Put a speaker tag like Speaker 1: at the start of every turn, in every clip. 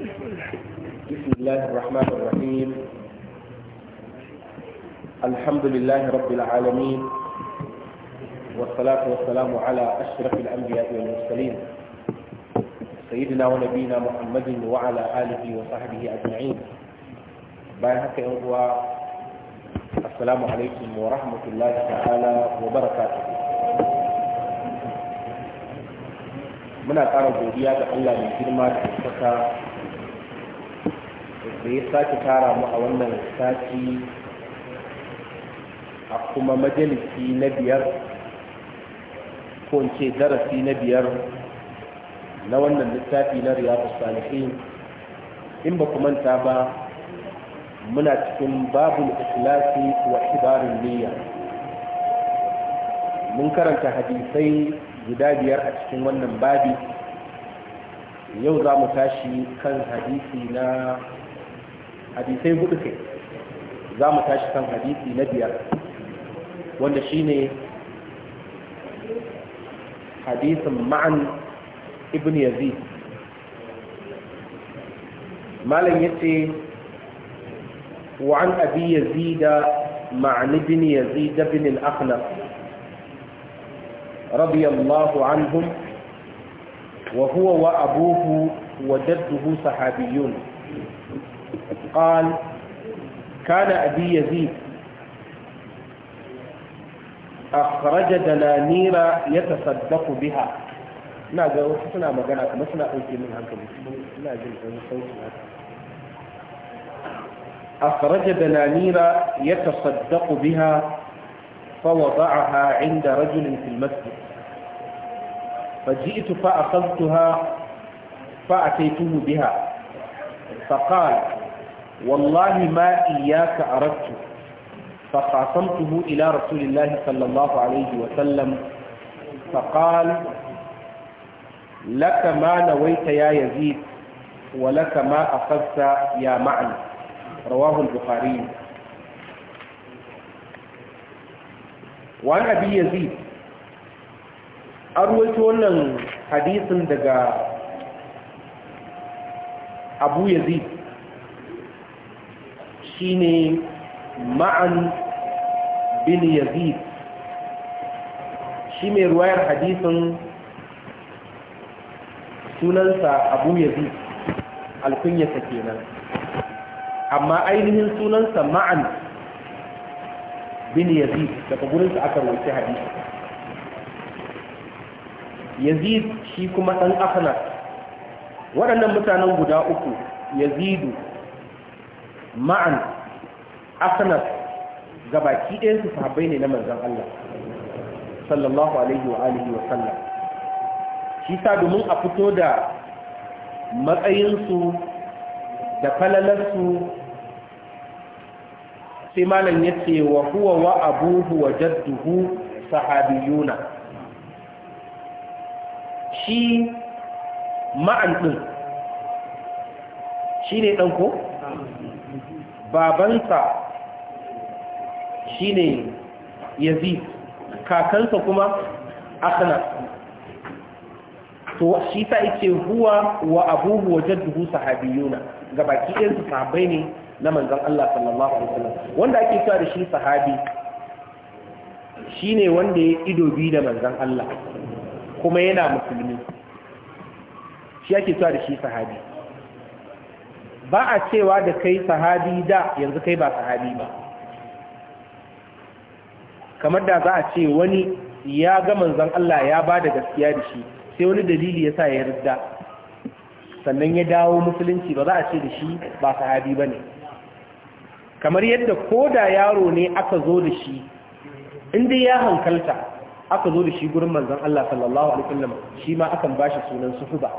Speaker 1: بسم الله الرحمن الرحيم الحمد لله رب العالمين والصلاة والسلام على أشرف الأنبياء والمرسلين سيدنا ونبينا محمد وعلى آله وصحبه أجمعين بارك الله السلام عليكم ورحمة الله تعالى وبركاته من أقرب godiya ga Allah da ya sake tara mu a wannan sati a kuma majalisi na biyar ko in ce darasi na biyar na wannan littafi na riyadu salihin in ba manta ba muna cikin babul ikhlasi wa ibarin niyya mun karanta hadisai guda biyar a cikin wannan babi yau za mu tashi kan hadisi na hadisai hudu ke za mu tashi kan hadisi na biyar wanda shine hadisin ma'an ibn yazid malam yace وعن أبي يزيد معن بن يزيد بن الأخنف رضي الله عنهم وهو وأبوه وجده صحابيون قال كان أبي يزيد أخرج دنانير يتصدق بها لا ga wasu ما magana kuma suna ɗauke min hankali لا jin أخرج دنانير يتصدق بها فوضعها عند رجل في المسجد فجئت فأخذتها فأتيته بها فقال wallahi ma iyaka arattu fa qasamtuhu ila rasulillahi sallallahu alaihi wa sallam fa qala laka ma nawaita ya yazid wa laka ma akhadta ya ma'an rawahu bukhari wa abi yazid arwaito wannan hadisin daga abu yazid shine ma'an bin yazid shi mai ruwayar hadisin sunansa abu yazid alkunyarsa kenan amma ainihin sunansa ma'an bin yazid daga gurinsa aka roƙi hadisi yazid shi kuma ɗan afna waɗannan mutanen guda uku yazidu ma'an asnaf gabaki ɗayan su sahabbai ne na manzon Allah sallallahu alaihi wa alihi wa sallam shi sa domin a fito da matsayinsu da falalarsu sai malam ya ce wa huwa wa abuhu wa jadduhu sahabiyuna shi ma'an ɗin shi ne ɗanko babansa shine yazid kakansa kuma asana to shi ta yake huwa wa abubu wa jadduhu sahabiyuna gabaki ɗin su sahabbai ne na manzon Allah sallallahu alaihi wasallam wanda ake cewa da shi sahabi shine wanda ya ido bi da manzon Allah kuma yana musulmi shi ake cewa da shi sahabi ba a cewa da kai sahabi da yanzu kai ba sahabi ba kamar da za a ce wani ya ga Manzan Allah ya ba da gaskiya da shi sai wani dalili ya sa ya yarda sannan ya dawo musulunci ba za a ce da shi ba sahabi ba ne kamar yadda ko da yaro ne aka zo da shi inda ya hankalta aka zo da shi gurin Manzan Allah sallallahu alaihi wasallam shi ma akan bashi sunan suhuba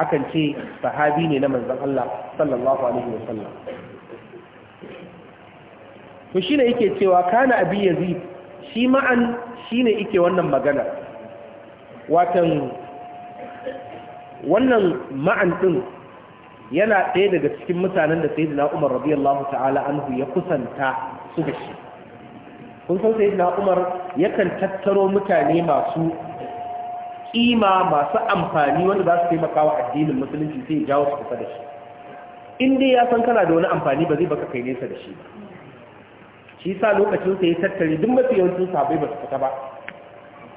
Speaker 1: akan ce sahabi ne na Manzan Allah sallallahu alaihi wasallam to shine yake cewa kana abin yazid shi ma'an shine yake wannan magana watan wannan ma'an din yana ɗaya daga cikin mutanen da sayyidina Umar radiyallahu ta'ala anhu ya kusanta su da shi kun san sayyidina Umar yakan tattaro mutane masu kima masu amfani wanda za su taimaka wa addinin musulunci sai ya jawo su kusa da shi in dai ya san kana da wani amfani ba zai baka kai nesa da shi ba shi sa lokacin sa ya tattare duk mafi yawancin sabai ba su fita ba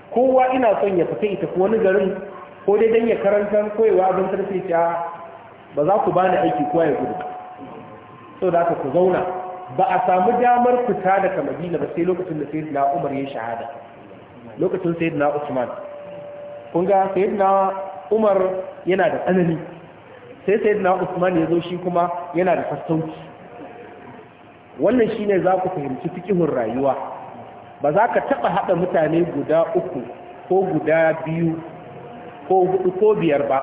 Speaker 1: kowa ina son ya fita ita ko wani garin ko dai dan ya karanta koyewa abin tarfe ta ba za ku bani aiki kowa ya gudu so da ku zauna ba a samu damar fita daga madina ba sai lokacin da sayyidina umar ya shahada lokacin sayyidina usman kun ga sayyidina umar yana da tsanani sai sayyidina usman ya zo shi kuma yana da sassauci wannan shine za ku fahimci fikihun rayuwa ba za ka taɓa haɗa mutane guda uku ko guda biyu ko hudu ko biyar ba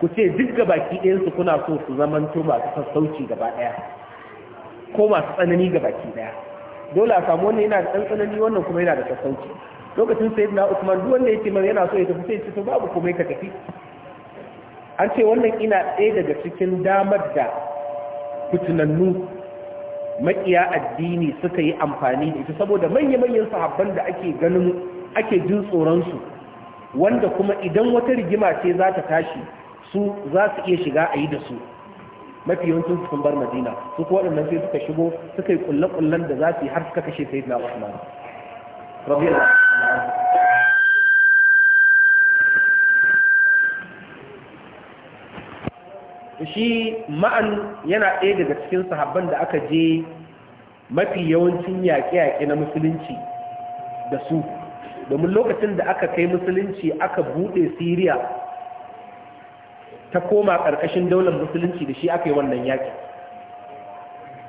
Speaker 1: ku ce duk ga baki ɗayansu kuna so su zamanto masu sassauci gaba ɗaya ko masu tsanani ga baki ɗaya dole a samu wannan yana da ɗan tsanani wannan kuma yana da sassauci lokacin sai na usman duk wanda yake man yana so ya tafi sai ce babu komai ka tafi an ce wannan ina ɗaya daga cikin damar da fitinannu makiya addini suka yi amfani da ita saboda manya-manyan sahabban da ake ganin ake jin tsoronsu wanda kuma idan wata rigima ce za ta tashi su za su iya shiga a yi da su mafi yawancin sun bar madina su ko waɗannan sai suka shigo suka yi kulle-kullen da za su yi har suka kashe sayyidina usman rabiyallahu shi ma'an yana ɗaya daga cikin sahabban da aka je mafi yawancin yaƙe-yaƙe na musulunci da su domin lokacin da aka kai musulunci aka buɗe siriya ta koma ƙarƙashin daular musulunci da shi aka yi wannan yaƙi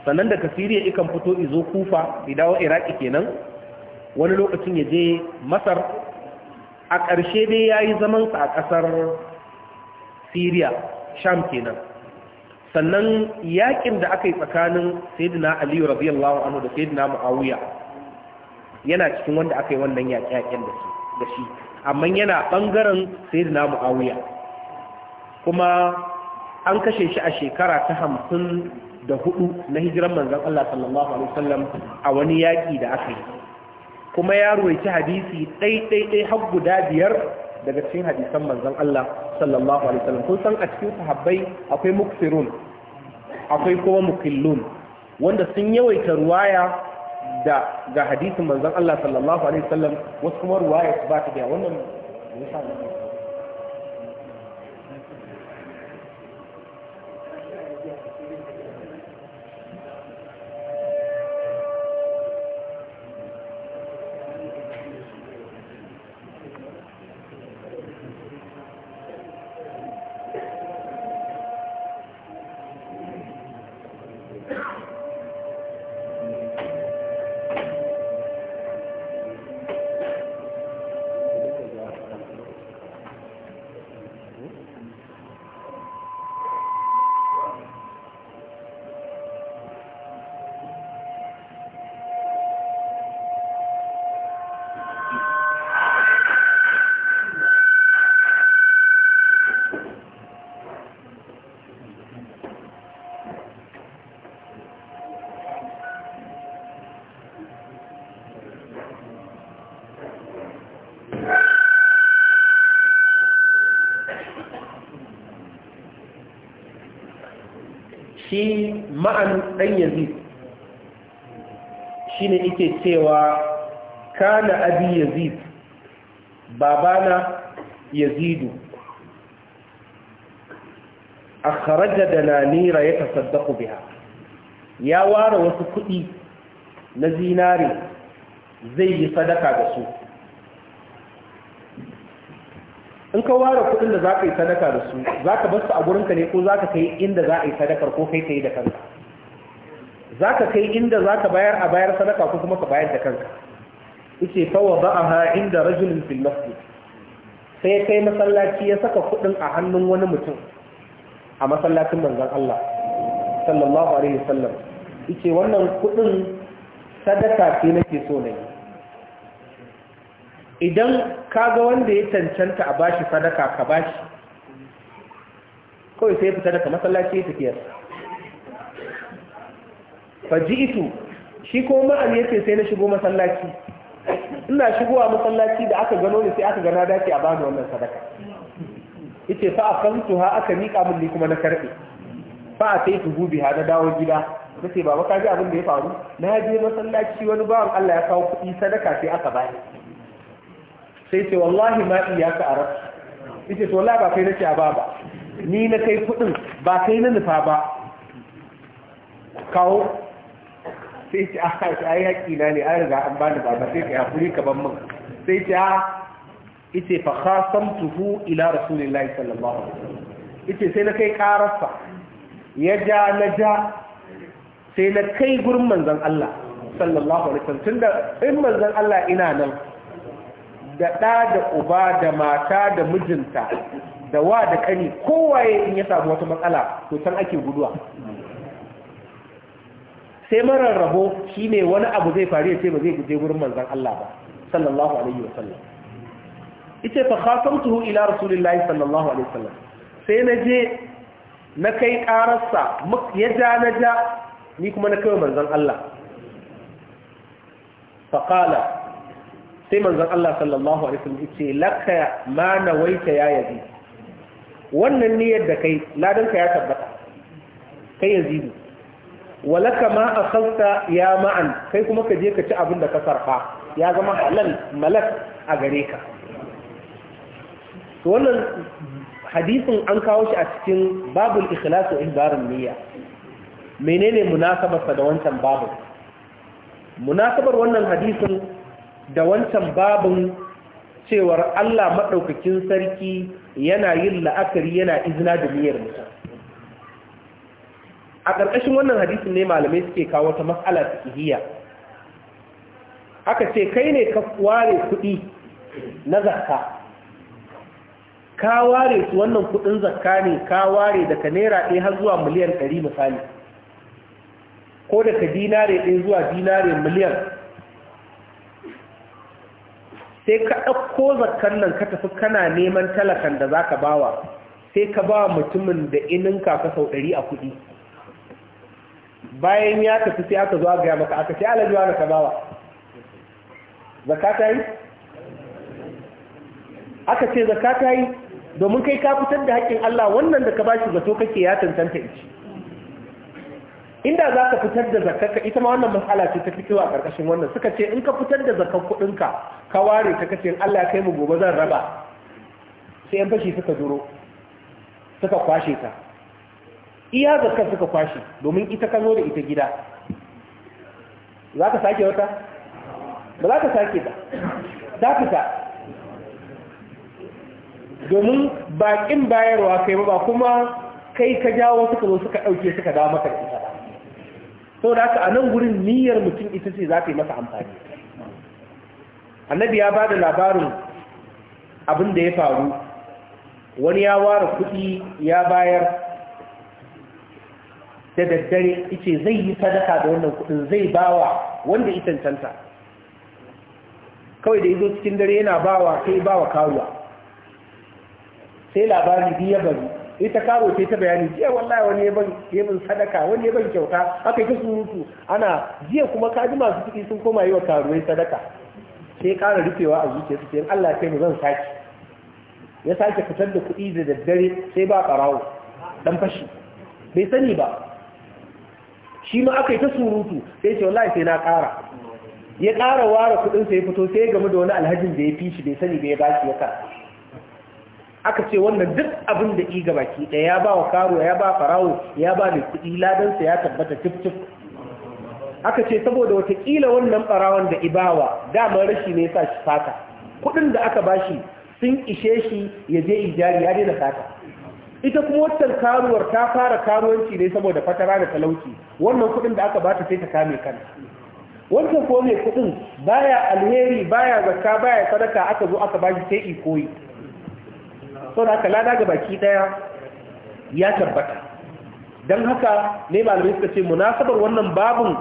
Speaker 1: sannan daga siriya ikan fito izo kufa dawo iraki kenan wani lokacin ya je masar a ƙarshe dai ya yi zamansa a ƙasar siriya sham kenan sannan yakin da aka yi tsakanin sayyidina ali radiyallahu anhu da sayyidina muawiya yana cikin wanda aka yi wannan yaƙe-yaƙen da su da shi amma yana bangaren sayyidina muawiya kuma an kashe shi a shekara ta hamsin da hudu na hijiran Manzon Allah sallallahu Alaihi wasallam a wani yaƙi da aka yi kuma ya ruwaici hadisi ɗaiɗaiɗai har guda biyar daga cikin hadisan manzon Allah sallallahu alaihi wasallam kun san a cikin sahabbai akwai muksirun akwai kuma mukillun wanda sun yawaita ruwaya da ga hadisin manzon Allah sallallahu alaihi wasallam wasu kuma ruwaya ba ta da wannan Ma'anin ɗan yazid shi ne ike cewa kana abi yazid babana yazidu a kharaja da nanira ya tasaddaku biya ya ware wasu kuɗi na zinari zai yi sadaka da su in ka ware kuɗin da za ka yi sadaka da su za ka basu a gurinka ne ko za ka kai inda za a yi sadakar ko kai ka yi da kanka za ka kai inda za ka bayar a bayar sadaka ko kuma ka bayar da kanka ice fawa ba a ha inda rajulun Filmasu. sai kai masallaci ya saka kudin a hannun wani mutum a masallacin manzan Allah sallallahu alaihi wasallam Ice wannan kudin sadaka ce nake so na yi idan kaga wanda ya cancanta a bashi sadaka ka bashi kawai sai fita daga masallaci ya tafiyarsa faji'itu shi ko ma'an ce sai na shigo masallaci ina shigowa masallaci da aka gano ni sai aka gana dace a bani wannan sadaka yace fa ha aka mika min ni kuma na karbe fa ataitu biha na dawo gida nace baba ka ji abin da ya faru na je masallaci wani bawan Allah ya kawo kuɗi sadaka sai aka bani sai ce wallahi ma iyaka arab yace to wallahi ba kai nace a baba ni na kai kuɗin ba kai na nufa ba kawo sai ce a ah, ai haƙi na ne an riga an bani baba sai ka hakuri ka ban min sai ce a ah, ite fa khasamtuhu ila rasulillahi sallallahu alaihi wasallam ite sai na kai kararsa ya ja na ja sai na kai gurin manzon Allah sallallahu alaihi wasallam tunda in manzon Allah ina nan da ɗa da uba da mata da mijinta da wa da kani kowaye in ya samu wata matsala to can ake guduwa sai marar rabo shine wani abu zai faru ya ce ba zai guje gurin manzan Allah ba sallallahu alaihi wa sallam ita fa khatamtuhu ila rasulillahi sallallahu alaihi wa sallam sai na je na kai kararsa ya ja na ja ni kuma na kai manzan Allah Faƙala sai manzan Allah sallallahu alaihi wasallam yace laka ma nawaita ya yazi wannan niyyar da kai ladan ka ya tabbata kai yazi. walaka ma a sauta ya ma'an kai kuma ka je ka ci abin da ka sarfa ya zama halal malak a gare ka to wannan hadisin an kawo shi a cikin babul ikhlas wa ihbarun niyya menene munasabar da wancan babu munasabar wannan hadisin da wancan babun cewar Allah madaukakin sarki yana yin la'akari yana izina da niyyar mutum a ƙarƙashin wannan hadisin ne malamai suke kawo ta matsala ihiya aka ce kai ne ka ware kuɗi na zakka ka ware su wannan kuɗin zakka ne ka ware daga naira ɗaya har zuwa miliyan ɗari misali ko daga dinare ɗaya zuwa dinare miliyan sai ka ɗauko zakkan nan ka tafi kana neman talakan da za ka bawa sai ka ba mutumin da ininka ka sau ɗari a kuɗi bayan ya tafi sai aka zo ga maka aka ce alaji wani kabawa bawa zakata yi aka ce zakata yi domin kai ka fitar da haƙƙin Allah wannan da ka bashi zato kake ya tantanta ici inda za ka fitar da zakarka ita ma wannan matsala ce ta fi a ƙarƙashin wannan suka ce in ka fitar da zakar kuɗinka ka ware ta kace in Allah ya kai mu gobe zan raba sai yan fashi suka duro suka kwashe ka iya zakar suka kwashe domin ita ka da ita gida za ka sake wata ba za ka sake ba za ka sa domin baƙin bayarwa kai ba kuma kai ka jawo suka zo suka ɗauke suka dawo maka da ita sau da aka a nan gurin niyyar mutum ita ce za ta yi masa amfani annabi ya ba da labarin abin da ya faru wani ya ware kuɗi ya bayar da daddare ice zai yi sadaka da wannan kudin zai bawa wanda ita cancanta kawai da izo cikin dare yana bawa sai bawa karuwa sai labari biyu ya bari ita karo sai ta bayani jiya wallahi wani ya ban ya sadaka wani ya ban kyauta aka yi mutu. ana jiya kuma kaji masu kuɗi sun koma yi wa karuwai sadaka sai kara rufewa a zuciya su in Allah sai mu zan saki ya sake fitar da kuɗi da daddare sai ba karawo. dan fashi bai sani ba shi ma aka yi ta surutu sai ce wallahi sai na ƙara ya ƙara ware kuɗin sai ya fito sai ya gama da wani alhajin da ya fi shi bai sani bai ba shi ya ka aka ce wannan duk abin da gaba baki ɗaya ya ba wa karo ya ba farawo ya ba mai kuɗi ladansa ya tabbata cif cif aka ce saboda watakila wannan farawon da ibawa damar rashi ne sa shi fata kuɗin da aka bashi sun ishe shi ya je ijari ya daina fata ita kuma wata karuwar ta fara karuwanci ne saboda fatara da talauci wannan kuɗin da aka bata sai ta kame kan wancan ko mai kuɗin baya alheri baya zakka baya sadaka aka zo aka bashi sai ikoyi sau da aka lada ga baki ɗaya ya tabbata dan haka ne malamai suka ce munasabar wannan babun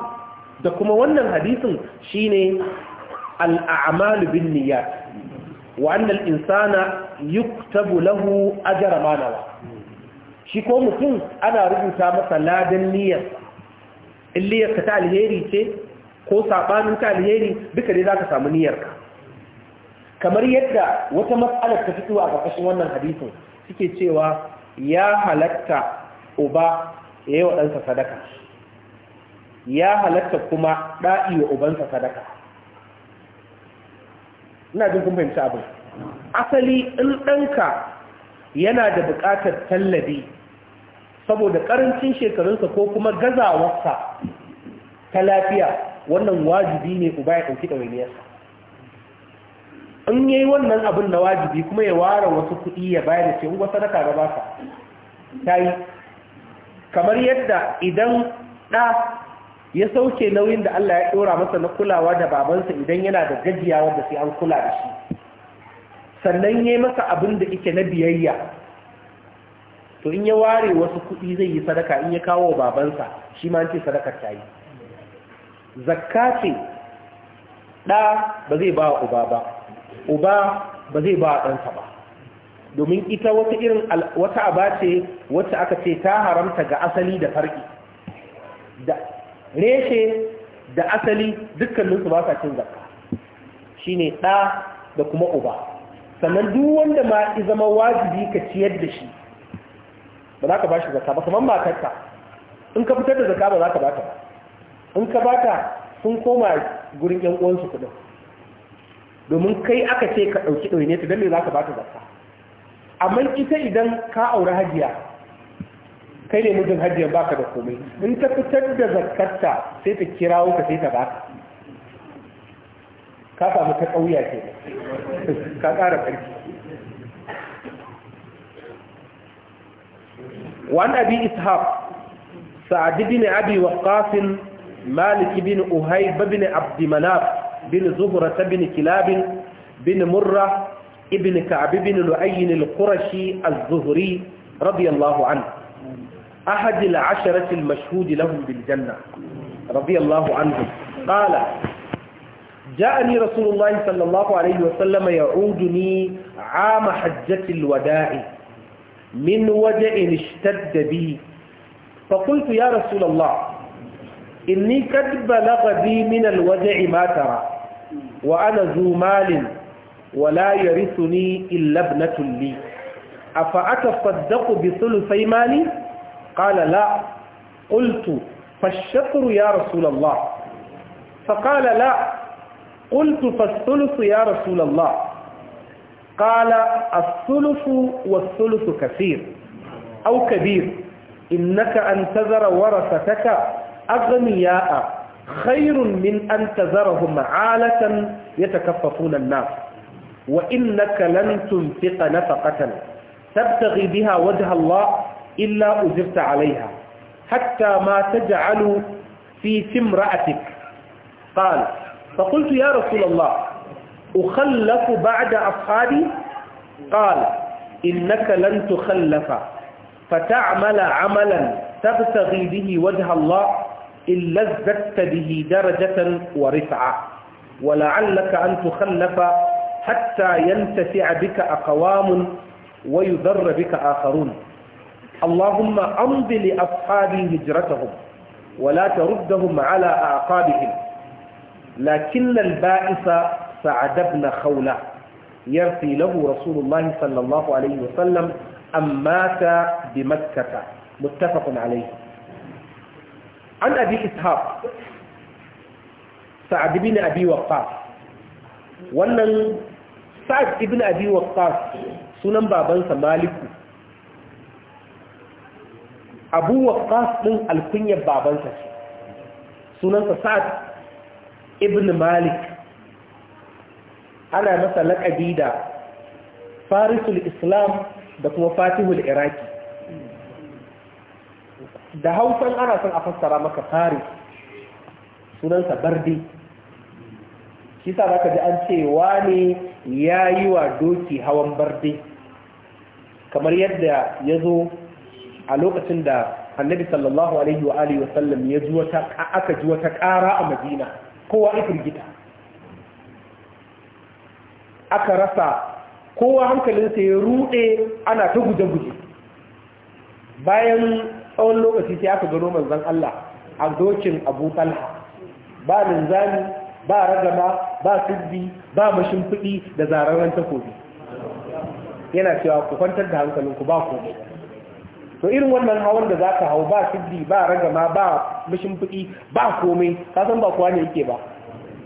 Speaker 1: da kuma wannan hadisin shine al'amalu bin niyyat wa al insana yuktabu lahu ajra ma nawa shi ko mutum ana rubuta masa ladan niyyar in ta alheri ce ko saɓanin ta alheri duka dai za ka samu niyyarka kamar yadda wata matsalar ta fito a ƙarƙashin wannan hadisin suke cewa ya halatta uba ya yi wa sadaka ya halatta kuma ɗa'i wa ubansa sadaka ina jin kun fahimci abin asali in ɗanka yana da buƙatar tallabi saboda ƙarancin shekarunsa ko kuma gazawarsa ta lafiya wannan wajibi ne ku baya ɗauki ɗawainiyarsa in ya yi wannan abin na wajibi kuma ya ware wasu kuɗi ya bayar ce uwa sadaka ga ka. ta yi kamar yadda idan ɗa ya sauke nauyin da Allah ya ɗora masa na kulawa da babansa idan yana da gajiya da sai an kula da shi sannan ya masa abin da ike na biyayya to in ya ware wasu kuɗi zai yi sadaka in ya kawo babansa shi ma ce sadakar ta yi zakka ce ɗa ba zai ba uba ba uba ba zai ba ɗansa ba domin ita wata irin wata aba ce wacce aka ce ta haramta ga asali da farki da reshe da asali dukkaninsu ba sa cin zakka shine ɗa da kuma uba sannan duk wanda ma ya zama wajibi ka ciyar da shi ba za ka ba shi zaka ba kamar matarka in ka fitar da zaka ba za ka ba ta ba in ka ba ta sun koma gurin yan uwansu kudin domin kai aka ce ka ɗauki ɗaune ta don me za ka ba ta zaka amma ita idan ka aure hajiya kai ne mijin hajiyar baka da komai in ta fitar da zakarta sai ta kira wuka sai ta baka ka samu ta ƙauya ke ka
Speaker 2: وعن أبي
Speaker 1: إسحاق سعد بن أبي وقاص مالك بن أهيب بن عبد مناف بن زهرة بن كلاب بن مرة ابن كعب بن لؤي القرشي الزهري رضي الله عنه أحد العشرة المشهود لهم بالجنة رضي الله عنهم قال جاءني رسول الله صلى الله عليه وسلم يعودني عام حجة الوداع من وجع اشتد بي فقلت يا رسول الله إني قد بلغ بي من الوجع ما ترى وأنا ذو مال ولا يرثني إلا ابنة لي أفأتصدق بثلثي مالي قال لا قلت فالشكر يا رسول الله فقال لا قلت فالثلث يا رسول الله قال الثلث والثلث كثير أو كبير إنك أن تذر ورثتك أغنياء خير من أن تذرهم عالة يتكففون الناس وإنك لن تنفق نفقة تبتغي بها وجه الله إلا أجرت عليها حتى ما تجعل في امرأتك قال فقلت يا رسول الله أخلف بعد أصحابي قال إنك لن تخلف فتعمل عملا تبتغي به وجه الله إلا ازددت به درجة ورفعة ولعلك أن تخلف حتى ينتفع بك أقوام ويذر بك آخرون اللهم أمض لأصحابي هجرتهم ولا تردهم على أعقابهم lakin al-ba'isa sa'ad ibn khawla yarsi lahu rasulullahi sallallahu alaihi wa sallam amma ta bi makkah muttafaqun alaihi an abi ishaq sa'ad ibn abi wannan sa'ad ibn abi waqqas sunan babansa maliku abu waqqas din alkunyar babansa sunansa sa'ad ibn malik ana masa laƙabi da farisul islam da kuma fatihul iraki da hausan ana son a fassara maka faris sunansa bardi shi sa za ka ji an ce wane ya yi wa doki hawan bardi kamar yadda ya zo a lokacin da annabi sallallahu alaihi wa alihi wasallam ya ji wata aka ji wata ƙara a madina kowa ya firgita aka rasa kowa hankalinsa ya rude ana ta guje-guje bayan tsawon lokaci sai aka gano manzan Allah a dokin abu talha ba linzami ba ragama ba sirri ba mashimfiɗi da zararren takobi yana cewa ku kwantar da hankalinku ba komai to irin wannan hawan da ka hau ba siddi ba ragama ba fudi ba komai kasan ba kowa ne yake ba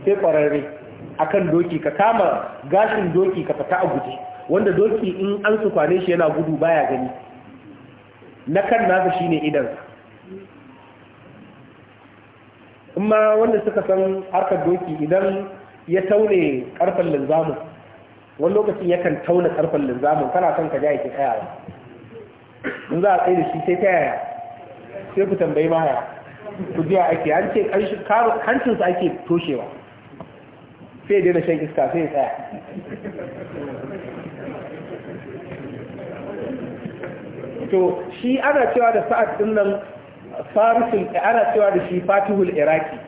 Speaker 1: sai kwararre akan doki ka kama gashin doki ka fita a guje wanda doki in an su kwane shi yana gudu baya gani na kan nasa shine idan amma wanda suka san harkar doki idan ya taune karfin linzamin wani lokacin yakan taune karfin linzamin kana son ka ja yake tsayawa in za a tsaye da shi sai ta yaya sai ku tambayi mahaya ku jiya ake an ce hancinsa ake toshewa sai dai da shan iska sai ya
Speaker 2: tsaya to
Speaker 1: shi ana cewa da sa'ad din nan farisul ana cewa da shi fatihul iraki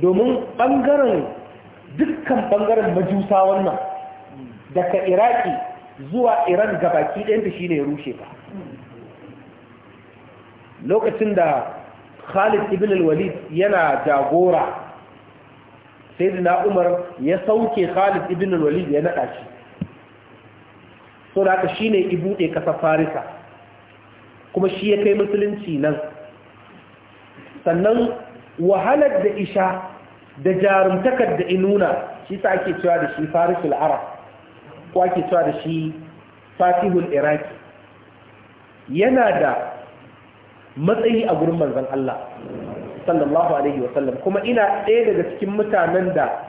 Speaker 1: domin bangaren dukkan bangaren majusa wannan daga iraki zuwa iran gabaki ɗaya da shi ya rushe ba lokacin da Khalid ibn al-Walid yana jagora sayyidina Umar ya sauke Khalid ibn al-Walid ya naɗa shi so da shine ibude kasar Farisa kuma shi ya kai musulunci nan sannan wahalar da isha da jarumtakar da inuna shi sa ake cewa da shi farisul arab ko ake cewa da shi fatihul iraki yana da matsayi a gurin manzan Allah sallallahu alaihi wasallam kuma ina ɗaya daga cikin mutanen da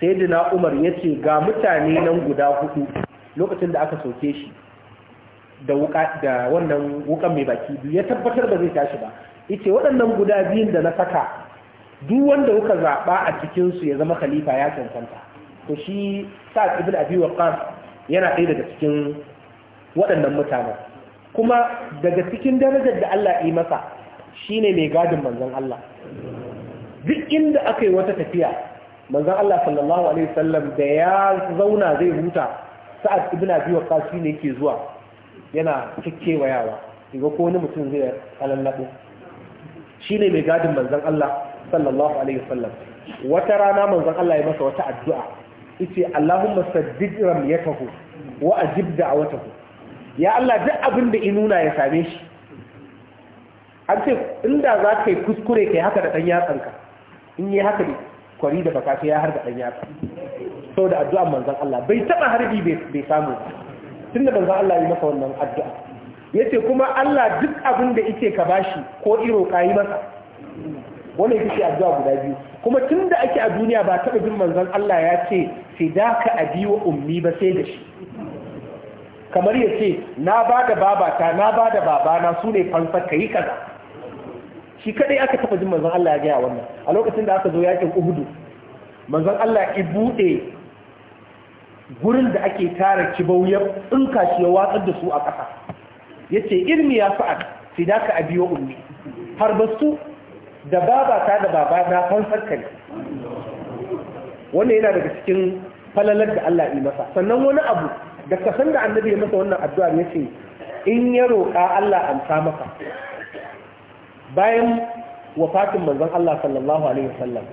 Speaker 1: sayyidina Umar ya ce, ga mutane nan guda hudu lokacin da aka soke shi da wannan wukan mai baki biyu ya tabbatar ba zai tashi ba yace waɗannan guda biyun da na saka duk wanda kuka zaɓa a cikinsu ya zama khalifa ya cancanta to shi sa'ad ibn abi waqqas yana ɗaya daga cikin waɗannan mutanen kuma daga cikin darajar da Allah yi masa shine mai gadin manzon Allah duk inda aka yi wata tafiya manzon Allah sallallahu alaihi wasallam da ya zauna zai huta sa'ad ibn abi waqqas ne yake zuwa yana kikkewayawa kiga ko wani mutum zai Shi shine mai gadin manzon Allah sallallahu alaihi wasallam wata rana manzon Allah ya masa wata addu'a yace Allahumma saddid ramyatahu wa ajib da'watahu ya Allah duk abin da inuna ya same shi an ce inda za ka yi kuskure ka yi haka da ɗan yatsanka in yi haka da kwari da baka ya harga ɗan yatsa sau da addu'an manzan Allah bai taɓa harbi bai samu tun da manzan Allah yi masa wannan addu'a ya ce kuma Allah duk abin da ike ka bashi ko iro ka yi masa Wani fi ce addu'a guda biyu kuma tun da ake a duniya ba taɓa bin manzan Allah ya ce da ka abi wa ummi ba sai da shi kamar ya ce na ba da babata na ba da babana su ne fansa ka yi kaza shi kadai aka taɓa jin manzon Allah ya gaya wannan a lokacin da aka zo yakin uhudu manzon Allah ya buɗe gurin da ake tara kibau ya tsinka shi ya watsar da su a ƙasa ya ce ilmi ya fa'ad fidaka abi wa ummi har Harbastu da babata da babana fansar ka ne wannan yana daga cikin falalar da Allah yi masa sannan wani abu da san da annabi ya masa wannan addu'a ya ce in ya roƙa Allah sa maka bayan wafatin manzon Allah sallallahu alaihi wasallam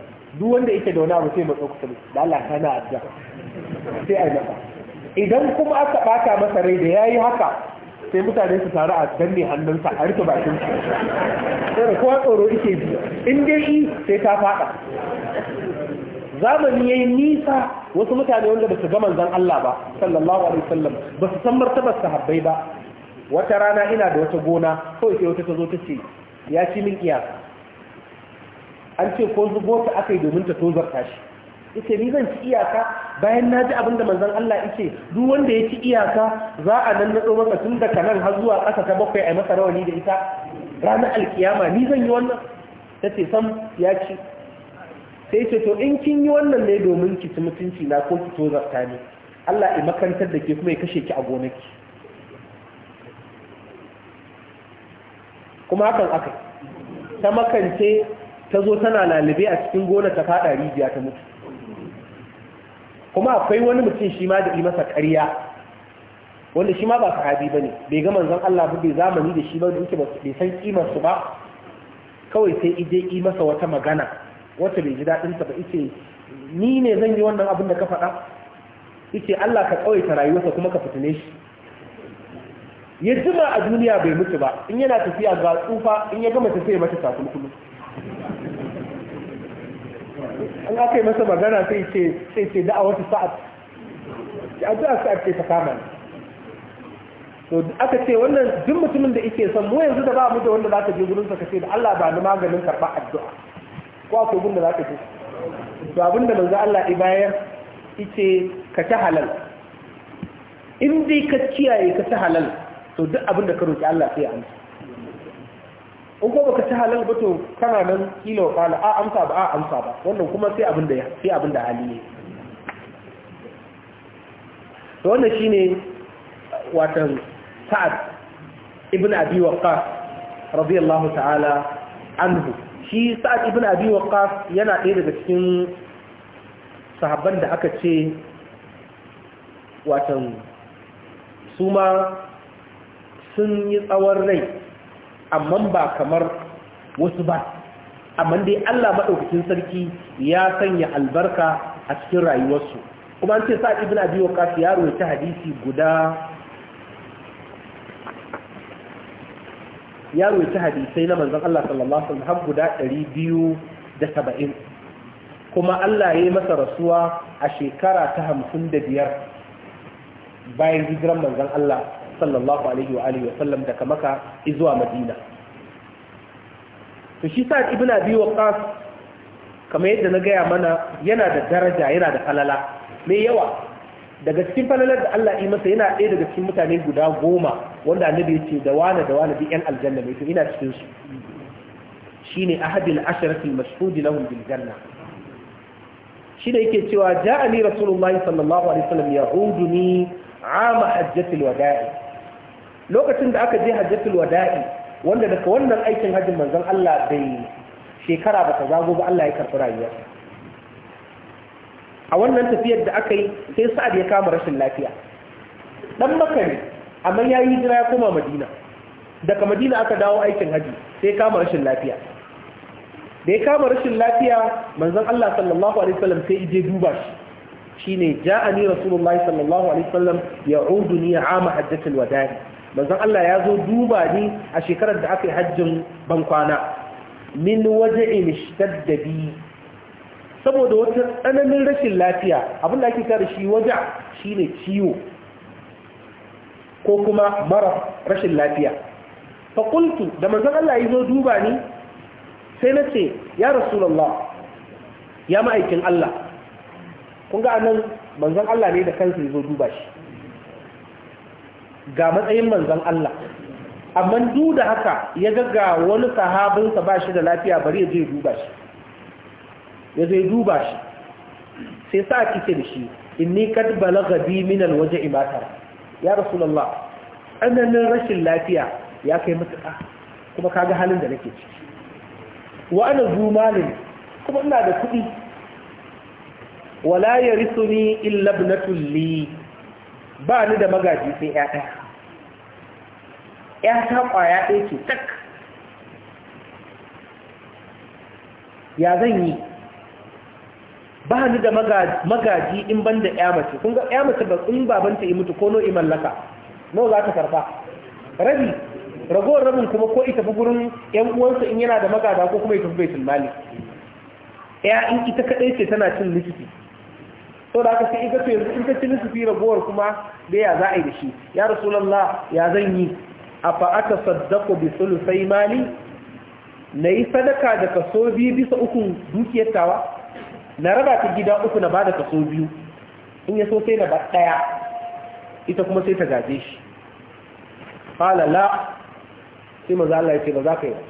Speaker 1: duk wanda yake da wani abu sai matsa kusa da Allah na addu'a sai ai maka idan kuma aka bata masa rai da yayi haka sai mutane su taru a danne hannunsa a rufe bakin su sai kowa tsoro yake ji in dai sai ta faɗa. zamani ya yi nisa wasu mutane wanda ba su ga manzan Allah ba sallallahu alaihi wasallam ba su san martabar sahabbai ba wata rana ina da wata gona kawai sai wata ta zo ta ce ya ci min iyaka an ce ko zubo ta aka yi domin ta tozarta shi ita ni zan ci iyaka bayan na ji abin da manzan Allah ce duk wanda ya ci iyaka za a nan nado masa tun daga nan har zuwa ƙasa ta bakwai a yi masa rawani da ita ranar alkiyama ni zan yi wannan ta ce sam ya ci sai ce to in kin yi wannan ne domin ki ci mutunci na ko ki tozarta ne Allah ya makantar da ke kuma ya kashe ki a gonaki kuma hakan aka ta makance ta zo tana lalube a cikin gona ta fada rijiya ta mutu kuma akwai wani mutum shi ma da yi masa ƙarya wanda shi ma ba sahabi bane bai ga manzon Allah ba bai zamani da shi ba da yake bai san kimar su ba kawai sai ije yi masa wata magana Wata bai ji daɗinsa ba ice ni ne zan yi wannan abin da ka faɗa ice Allah ka ta rayuwarsa kuma ka fitine shi ya jima a duniya bai mutu ba in yana tafiya ga tsufa in ya gama tafiya mata kulkulu
Speaker 2: an aka yi masa magana
Speaker 1: sai ce sai ce da'a wata sa'ad da addu'a sa'ad ce ta kama to aka ce wannan duk mutumin da yake son mu yanzu da ba mu da wanda za ka je gurin sa ka ce da Allah ba ni maganin karɓar addu'a ko akwai abin da za ka ci to abin da manzo Allah ya bayar ita ka ta halal in dai ka kiyaye ka ta halal to duk abin da ka roki Allah sai ya amsa in ko baka ci halal ba to kana nan kilo kala a amsa ba a amsa ba wannan kuma sai abin da sai abin da hali ne to wannan shine watan sa'ad ibn abi waqqas radiyallahu ta'ala anhu shi sa'ad ibn abi waqqas yana ɗaya daga cikin sahabban da aka ce watan su ma sun yi tsawon rai amma ba kamar wasu ba amma dai Allah maɗaukacin sarki ya sanya albarka a cikin rayuwarsu kuma an ce sa'ad ibn abi waqqas ya rawaita hadisi guda ya roci hadisai na manzon Allah sallallahu alaihi wasallam guda 270 kuma Allah ya yi masa rasuwa a shekara ta 55 bayan hijiran manzon Allah sallallahu alaihi wa alihi wasallam daga Makka zuwa Madina to shi sa ibn abi waqas kamar yadda na gaya mana yana da daraja yana da falala mai yawa daga cikin falalar da Allah yi masa yana ɗaya daga cikin mutane guda goma wanda annabi ya ce da wane da wane bi yan aljanna mai to ina cikin su shine ahadil asharatil mashhudi lahum bil janna shine yake cewa ja'ani rasulullahi sallallahu alaihi wasallam yahuduni ama hajjatil wada'i lokacin da aka je hajjatul wada'i wanda daga wannan aikin hajjin manzon Allah bai shekara ba ta zago ba Allah ya karɓi rayuwarsa a wannan tafiyar da aka yi sai sa'ad ya kama rashin lafiya dan maka ne amma ya yi hijira ya koma madina daga madina aka dawo aikin haji sai ya kama rashin lafiya da ya kama rashin lafiya manzon Allah sallallahu alaihi wasallam sai ije duba shi a ni rasulullahi sallallahu alaihi wasallam ya'uduni ama hajjatul wada'i manzon Allah ya zo duba ni a shekarar da aka yi hajjin bankwana min waje'in ishtadda bi saboda wata tsananin rashin lafiya abin da ake kare shi waja shine ciwo ko kuma mara rashin lafiya faƙultu da manzon Allah ya zo duba ni sai na ce ya rasulallah ya ma'aikin Allah kun ga anan manzon Allah ne da kansa ya zo duba shi ga matsayin manzon Allah amma duk da haka ya ga ga wani sahabinsa ba shi da lafiya bari ya je duba shi ya zai duba shi sai sa a kike da shi inni kad balagha bi min alwaje imatar ya rasulullah tsananin rashin lafiya ya kai matuƙa kuma kaga halin da nake ciki wa ana zumalin kuma ina da kuɗi wala yarithuni illa ibnatul li ba ni da magaji sai ƴa ɗaya
Speaker 2: ƴa ta ƙwaya
Speaker 1: ɗaya ce tak ya zan yi ba ni da magaji in ban da 'ya mace kun ga mace ba in babanta ya mutu ko no mallaka nawa za ta karba rabi ragowar rabin kuma ko ita fi gurin ƴan uwansa in yana da magada ko kuma ita fi baitul mali Ya in ita kadai ce tana cin lissafi to da aka sai ita ce yanzu in ka ci lissafi ragowar kuma da ya za a yi da shi ya rasulullah ya zan yi a aka Sadako bi sulusai mali Na yi sadaka da kaso biyu bisa ukun dukiyar tawa na raba ta gida uku na bada kaso biyu in ya so sai na ba daya ita kuma sai ta gaje shi qala la sai maza Allah ya ce ba za ka yi ba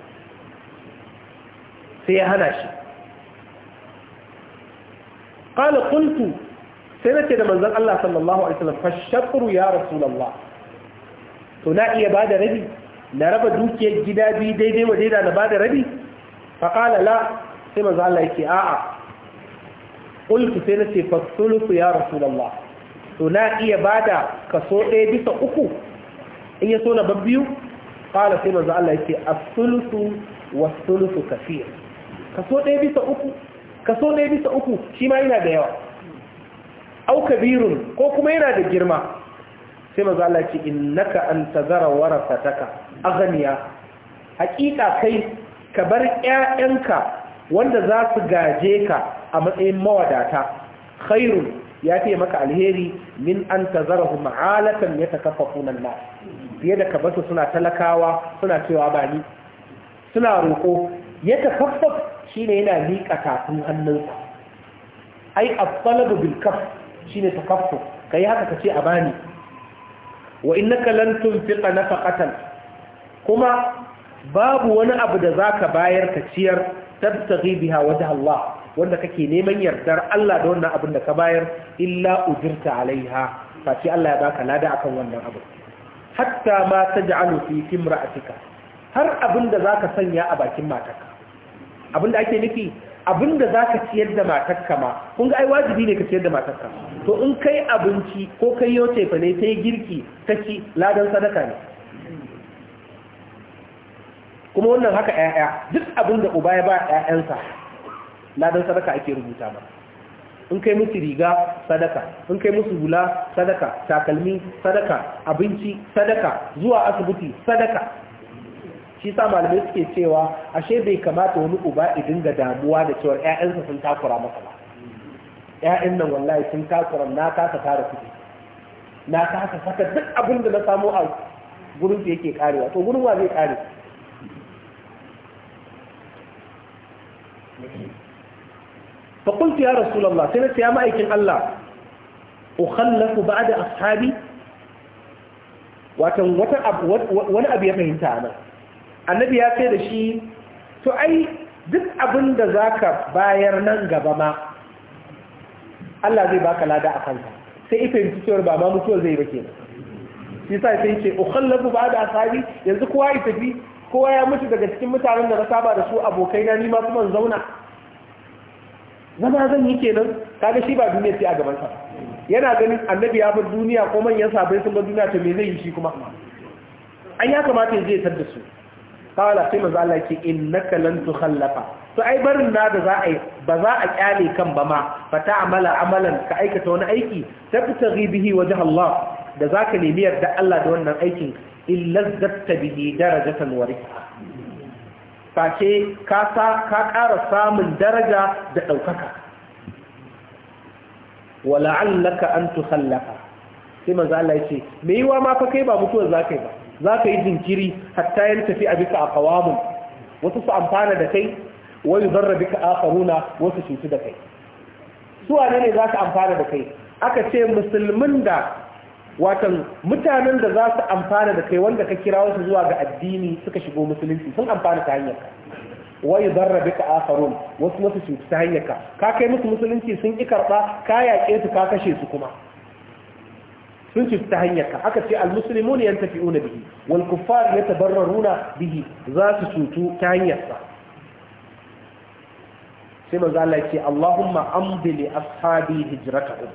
Speaker 1: sai ya hana shi qala qultu sai na ce da manzan Allah sallallahu alaihi wasallam fa shakru ya rasulullah to na iya bada rabi na raba dukiyar gida biyu daidai wa daidai na bada rabi fa qala la sai maza Allah ya ce a'a ƙulki sai na ce fa sulusu ya lalla? to na iya ba da kaso ɗaya bisa uku in ya so na biyu? Fala sai maza Allah yake a sulusu wa sulusu kafir kaso ɗaya bisa uku kaso ɗaya bisa uku shi ma yana da yawa au kabirun ko kuma yana da girma sai maza Allah yake innaka an tazara A ganiya. hakika kai ka bar ƴaƴanka wanda za su gaje ka a matsayin mawadata khairu ya fiye maka alheri min an tazarahu ma'alatan ya takaffafu nan na fiye da kabasu suna talakawa suna cewa ba ni suna roƙo ya shi ne yana liƙa tafin hannunsa ai afdalabu bil kaf shine Ka yi haka kace a bani wa innaka lan tunfiqa nafaqatan kuma babu wani abu da za ka bayar ka ciyar tabtaghi biya wajen Allah wanda kake neman yardar Allah da wannan abin da ka bayar illa ujirta alaiha face Allah ya baka lada akan wannan abu hatta ma taj'alu fi imra'atika har abin da zaka sanya a bakin matarka abin da ake nufi abin da zaka ciyar da matarka ma kun ga ai wajibi ne ka ciyar da matarka to in kai abinci ko kai yau fa ne sai girki kaci ladan sadaka ne kuma wannan haka ƴaƴa duk abin da uba ya ba ƴaƴansa ladan sadaka ake rubuta ba in kai musu riga sadaka in kai musu hula sadaka takalmi sadaka abinci sadaka zuwa asibiti sadaka shi sa malamai suke cewa ashe bai kamata wani uba idin ga damuwa da cewar ƴaƴansa sun takura masa ba ƴaƴan nan wallahi sun takura na kasa tara kuɗi na kasa saka duk abin da na samu a gurin da yake karewa to gurin wa zai kare fa qultu ya rasulullah sai nace ya ma'aikin Allah ukhallafu ba'da ashabi watan wata wani abu ya fahimta ana. annabi ya ce da shi to ai duk abin da zaka bayar nan gaba ma Allah zai baka lada a kanka sai ife mutuwar ba ma mutuwar zai ba kenan shi sa sai ce ukhallafu ba'da ashabi yanzu kowa ya tafi kowa ya mutu daga cikin mutanen da na saba da su na ni ma kuma zauna zama zan yi kenan kaga shi ba duniya sai a gaban sa yana ganin annabi ya bar duniya ko manyan sabai sun bar duniya to me zai yi shi kuma an ya kamata ya je tar da su kawala sai manzo Allah ke innaka lan tukhallafa to ai barin na da za a yi ba za a kyale kan ba ma fa amala amalan ka aikata wani aiki tabtaghi bihi wajh Allah da zaka nemi yarda Allah da wannan aikin illa bihi darajatan warika face ka ƙara samun daraja da ɗaukaka wala'allaka an tusallafa sai manzo Allah ce me yiwa ma fa kai ba mutuwar zakai ba zaka yi jinkiri hatta yan tafi a bisa wasu su amfana da kai wa yudarra bika akharuna wasu cutu da kai su wane ne za su amfana da kai aka ce musulmin da watan mutanen da za su amfana da kai wanda ka kira wasu zuwa ga addini suka shigo musulunci sun amfana ta hanyar Wai yudarra bika akharun wasu wasu su ta hanyar ka ka kai musu musulunci sun ki karba ka yaƙe su ka kashe su kuma sun ci ta hanyar ka aka ce almuslimun yantafi'una bihi wal kuffar yatabarraruna bihi za su cutu ta hanyar sa sai manzo Allah ya ce Allahumma amdi li ashabi hijratahum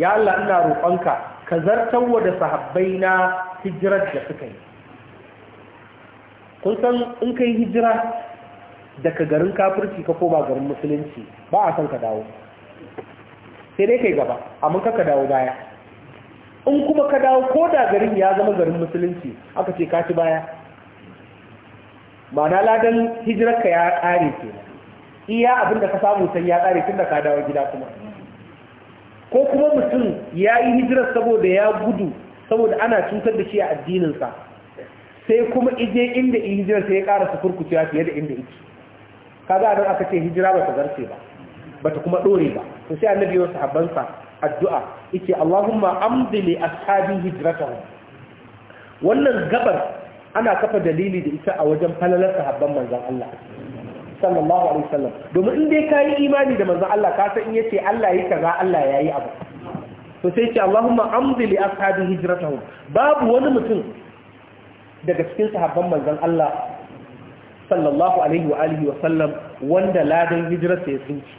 Speaker 1: ya Allah ina roƙonka ka zartarwa da sahabbai na hijirar da suka yi kun san in kai hijira daga garin kafirci ka koma garin musulunci ba a san ka dawo sai dai kai gaba amma ka ka dawo baya in kuma ka dawo ko da garin ya zama garin musulunci aka ce ka ci baya na ladan hijirarka ya ƙare ke iya abinda ka samu sai ya ƙare tun da ka dawo gida kuma ko kuma mutum ya yi hijirar saboda ya gudu saboda ana cutar da shi a addininsa sai kuma ije inda yi hijirar sai ya ƙara su kurkucewa fiye da inda yake kaga nan aka ce hijira ba ta zarce ba bata kuma ɗore ba to sai annabi wasu sahabbansa addu'a yake Allahumma amdi li ashabi hijratahu wannan gabar ana kafa dalili da ita a wajen falalar sahabban manzon Allah sallallahu alaihi wasallam domin in dai kayi imani da manzon Allah ka san in yace Allah yi kaza Allah yayi abu to sai ce Allahumma amdi li ashabi hijratahum babu wani mutum daga cikin sahabban manzon Allah sallallahu alaihi wa alihi wa sallam wanda ladan hijirarta ya tsinci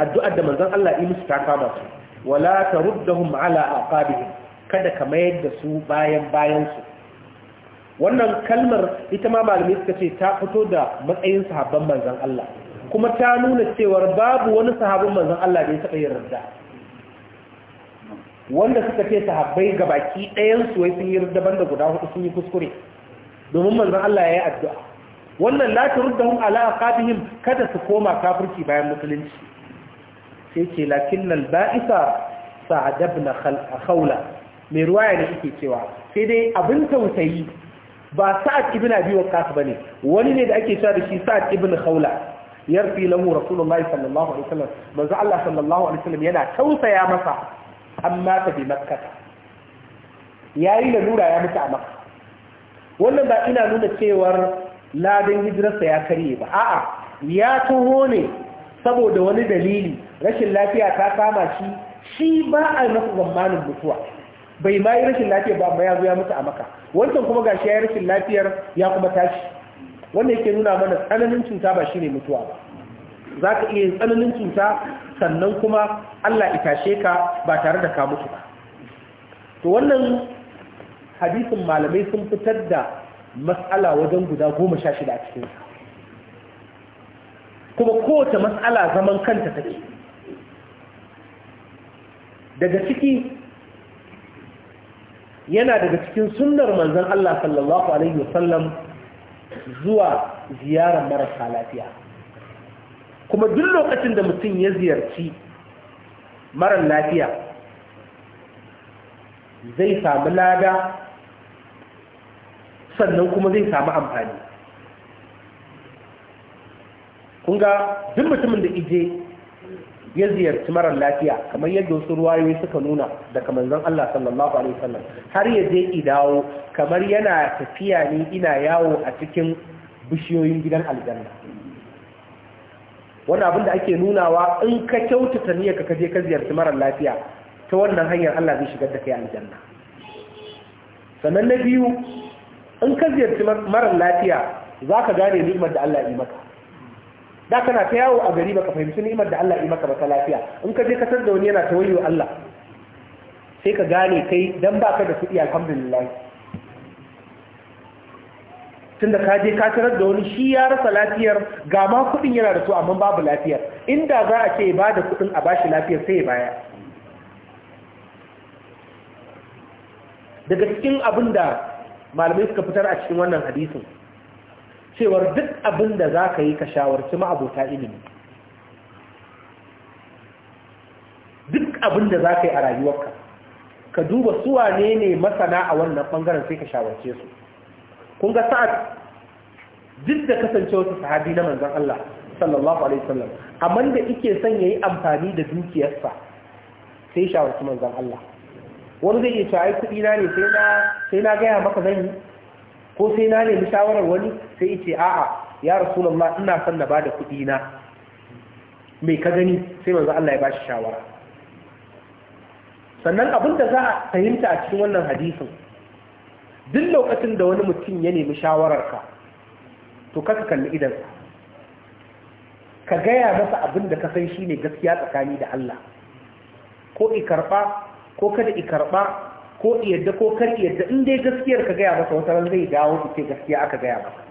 Speaker 1: addu'ar da manzon Allah yi musu ta kama su wala taruddahum ala aqabihim kada ka mayar da su bayan bayan su wannan kalmar ita ma malamai suka ce ta fito da matsayin sahabban manzan Allah kuma ta nuna cewar babu wani sahabban manzan Allah da ya taɓa yin rarda wanda suka ce sahabbai ga baki ɗayan wai sun yi daban da guda hudu sun yi kuskure domin manzan Allah ya yi addu'a wannan la hun ala aqabihim kada su koma kafirci bayan musulunci sai ce nan ba'isa na khaula mai ruwaya ne suke cewa sai dai abin tausayi ba sa'ad ibn abi ba bane wani ne da ake cewa da shi sa'ad ibn khawla yarfi lahu rasulullah sallallahu alaihi sallam. manzo Allah sallallahu alaihi sallam. yana tausaya masa amma ta bi Ya yayi da nura ya mutu a makka wannan ba ina nuna cewar Ladin hijirarsa ya karye ba a'a ya taho ne saboda wani dalili rashin lafiya ta kama shi shi ba a masa zamanin mutuwa bai ma yi rashin lafiya ba ya zo ya mutu a maka wancan kuma gashi ya yi rashin lafiyar ya kuma tashi wanda yake nuna mana tsananin cuta ba shi ne mutuwa ba za ka iya tsananin cuta sannan kuma Allah itashe ka ba tare da ka mutu ba to wannan hadisin malamai sun fitar da matsala wajen guda goma sha shida a cikin kuma kowace matsala zaman kanta take daga ciki yana daga cikin sunnar manzon Allah sallallahu alaihi wasallam zuwa ziyarar marasa lafiya kuma duk lokacin da mutum ya ziyarci marar lafiya zai samu lada sannan kuma zai samu amfani kunga duk mutumin da ije ya ziyarci marar lafiya kamar yadda wasu ruwayoyi suka nuna daga manzon Allah sallallahu alaihi wasallam har ya je idawo kamar yana tafiya ne ina yawo a cikin bishiyoyin gidan aljanna wannan abin da ake nunawa in ka kyauta niyyar ka je ka ziyarci marar lafiya ta wannan hanyar Allah zai shigar da kai aljanna sannan na biyu in ka ziyarci marar lafiya zaka gane ni'imar da Allah yi maka da kana ta yawo a gari baka fahimci ni'imar da Allah ya maka ba ta lafiya in ka je ka san da wani yana ta wayo Allah sai ka gane kai dan baka da kuɗi alhamdulillah tunda ka je ka tarar da wani shi ya rasa lafiyar ga ma kuɗin yana da su amma babu lafiyar inda za a ce ba da kuɗin a bashi lafiyar sai baya daga cikin abin da malamai suka fitar a cikin wannan hadisin cewar duk abin da za ka yi ka shawarci ma'abota ilimi duk abin da za ka yi a rayuwarka ka duba suwa ne ne masana a wannan ɓangaren sai ka shawarce su kun ga sa'ad duk da kasance wasu sahabi na manzan Allah sallallahu alaihi wasallam amma da ike son yayi amfani da dukiyarsa sai shawarci manzan Allah wani zai iya cewa ai kudi na ne sai na sai na gaya maka zan yi ko sai na nemi shawarar wani sai ce a'a ya rasu rasulullah ina son na bada kuɗi na mai ka gani sai manzo Allah ya bashi shawara sannan abin da za a fahimta a cikin wannan hadisin duk lokacin da wani mutum ya nemi shawarar ka to ka kalli idansa ka gaya masa abin da ka san shi ne gaskiya tsakani da Allah ko karba ko kada karba ko iyadda ko kar iyadda in dai gaskiyar ka gaya masa wata ran zai dawo ce gaskiya aka gaya masa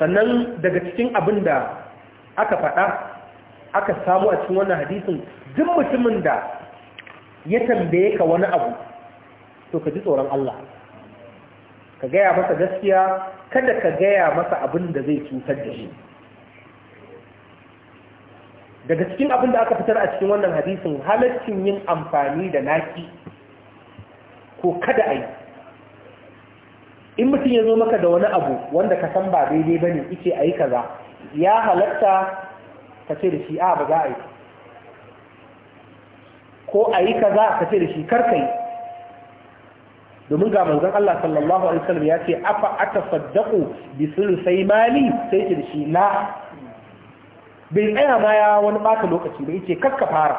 Speaker 1: sannan daga cikin abin da aka faɗa aka samu a cikin wannan hadisin duk mutumin da ya tambaye ka wani abu to ka ji tsoron Allah ka gaya masa gaskiya kada ka gaya masa abin da zai cutar da shi daga cikin abin da aka fitar a cikin wannan hadisin halaccin yin amfani da naki ko kada a yi in mutum ya zo maka da wani abu wanda ka san ba daidai ba ne ike a yi kaza ya halatta ka ce da shi a ba za a yi ko a yi kaza ka ce da shi kar ka yi domin ga manzon Allah sallallahu alaihi wasallam ya ce afa atasaddaqu bi sai mali sai ce da shi la bai tsaya ma ya wani baka lokaci ba yace kakka fara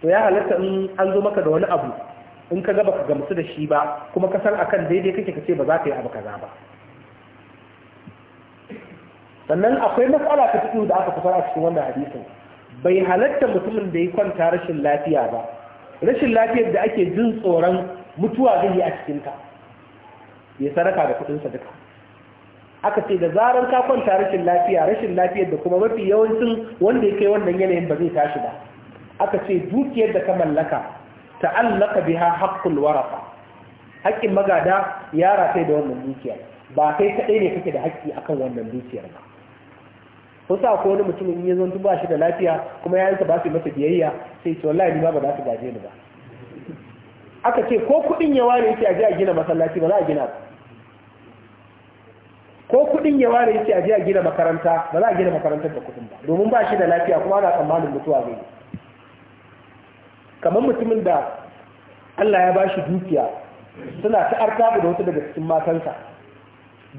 Speaker 1: to ya halatta in an zo maka da wani abu in ka gaba ka gamsu da shi ba kuma ka san akan daidai kake ka ce ba za ka yi abu kaza ba sannan akwai matsala ta cikin da aka kusa a cikin wannan hadisin bai halatta mutumin da ya kwanta rashin lafiya ba rashin lafiyar da ake jin tsoron mutuwa zai yi a ka ya sadaka da kudin sadaka aka ce da zarar ka kwanta rashin lafiya rashin lafiyar da kuma mafi yawancin wanda ya kai wannan yanayin ba zai tashi ba aka ce dukiyar da ka mallaka ta'allaka biha haqqul warasa haƙƙin magada ya rataye da wannan dukiyar ba kai kaɗai ne kake da haƙƙi akan wannan dukiyar ba Kusa ko wani mutum in ya tun ba shi da lafiya kuma ya yanka ba su masa biyayya sai ce wallahi ba za su gaje ni ba aka ce ko kuɗin ya ware yake a je a gina masallaci ba za a gina ko kuɗin ya ware yake a je a gina makaranta ba za a gina makarantar da kuɗin ba domin ba shi da lafiya kuma ana tsammanin mutuwa zai kamar mutumin da Allah ya ba shi dukiya suna ta artabu da wata daga cikin matansa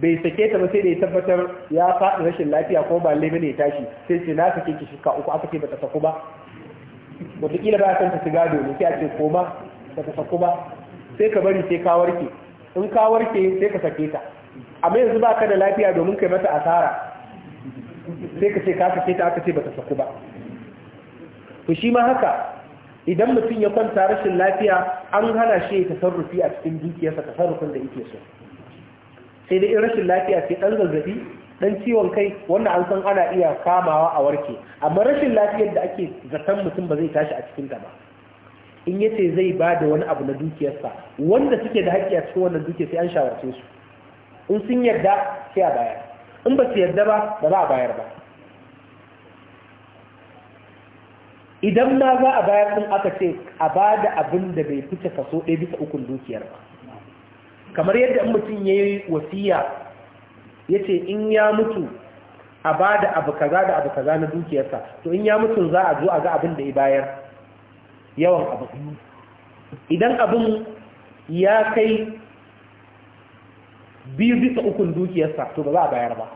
Speaker 1: bai sake ta ba sai da ya tabbatar ya faɗi rashin lafiya ko ba lebe ne ya tashi sai ce na sake ki shika uku aka ce ba ta saku ba wataƙila ba san ta shiga domin sai a ce koma ba ta saku ba sai ka bari sai ka warke in ka warke sai ka sake ta amma yanzu ba ka da lafiya domin kai mata asara sai ka ce ka sake ta aka ce ba ta saku ba to shi ma haka idan mutum ya kwanta rashin lafiya an hana shi ya tasarrufi a cikin dukiyarsa tasarrufin da yake so sai dai in rashin lafiya sai dan zazzabi dan ciwon kai wannan an san ana iya kamawa a warke amma rashin lafiyar da ake zaton mutum ba zai tashi a cikin ta ba in ya zai ba da wani abu na dukiyarsa wanda suke da haƙƙi a cikin wannan dukiyar sai an shawarce su in sun yarda sai a bayar in ba su yarda ba ba za a bayar ba idan ma za a bayar sun aka ce a ba da abin da bai fice kaso ɗaya bisa ukun dukiyar ba kamar yadda in mutum ya yi wasiya ya ce in ya mutu a ba da abu kaza da abu kaza na dukiyarsa to in ya mutu za a zo a ga abin da ya bayar yawan abu idan abin ya kai biyu bisa ukun dukiyarsa to ba za a bayar ba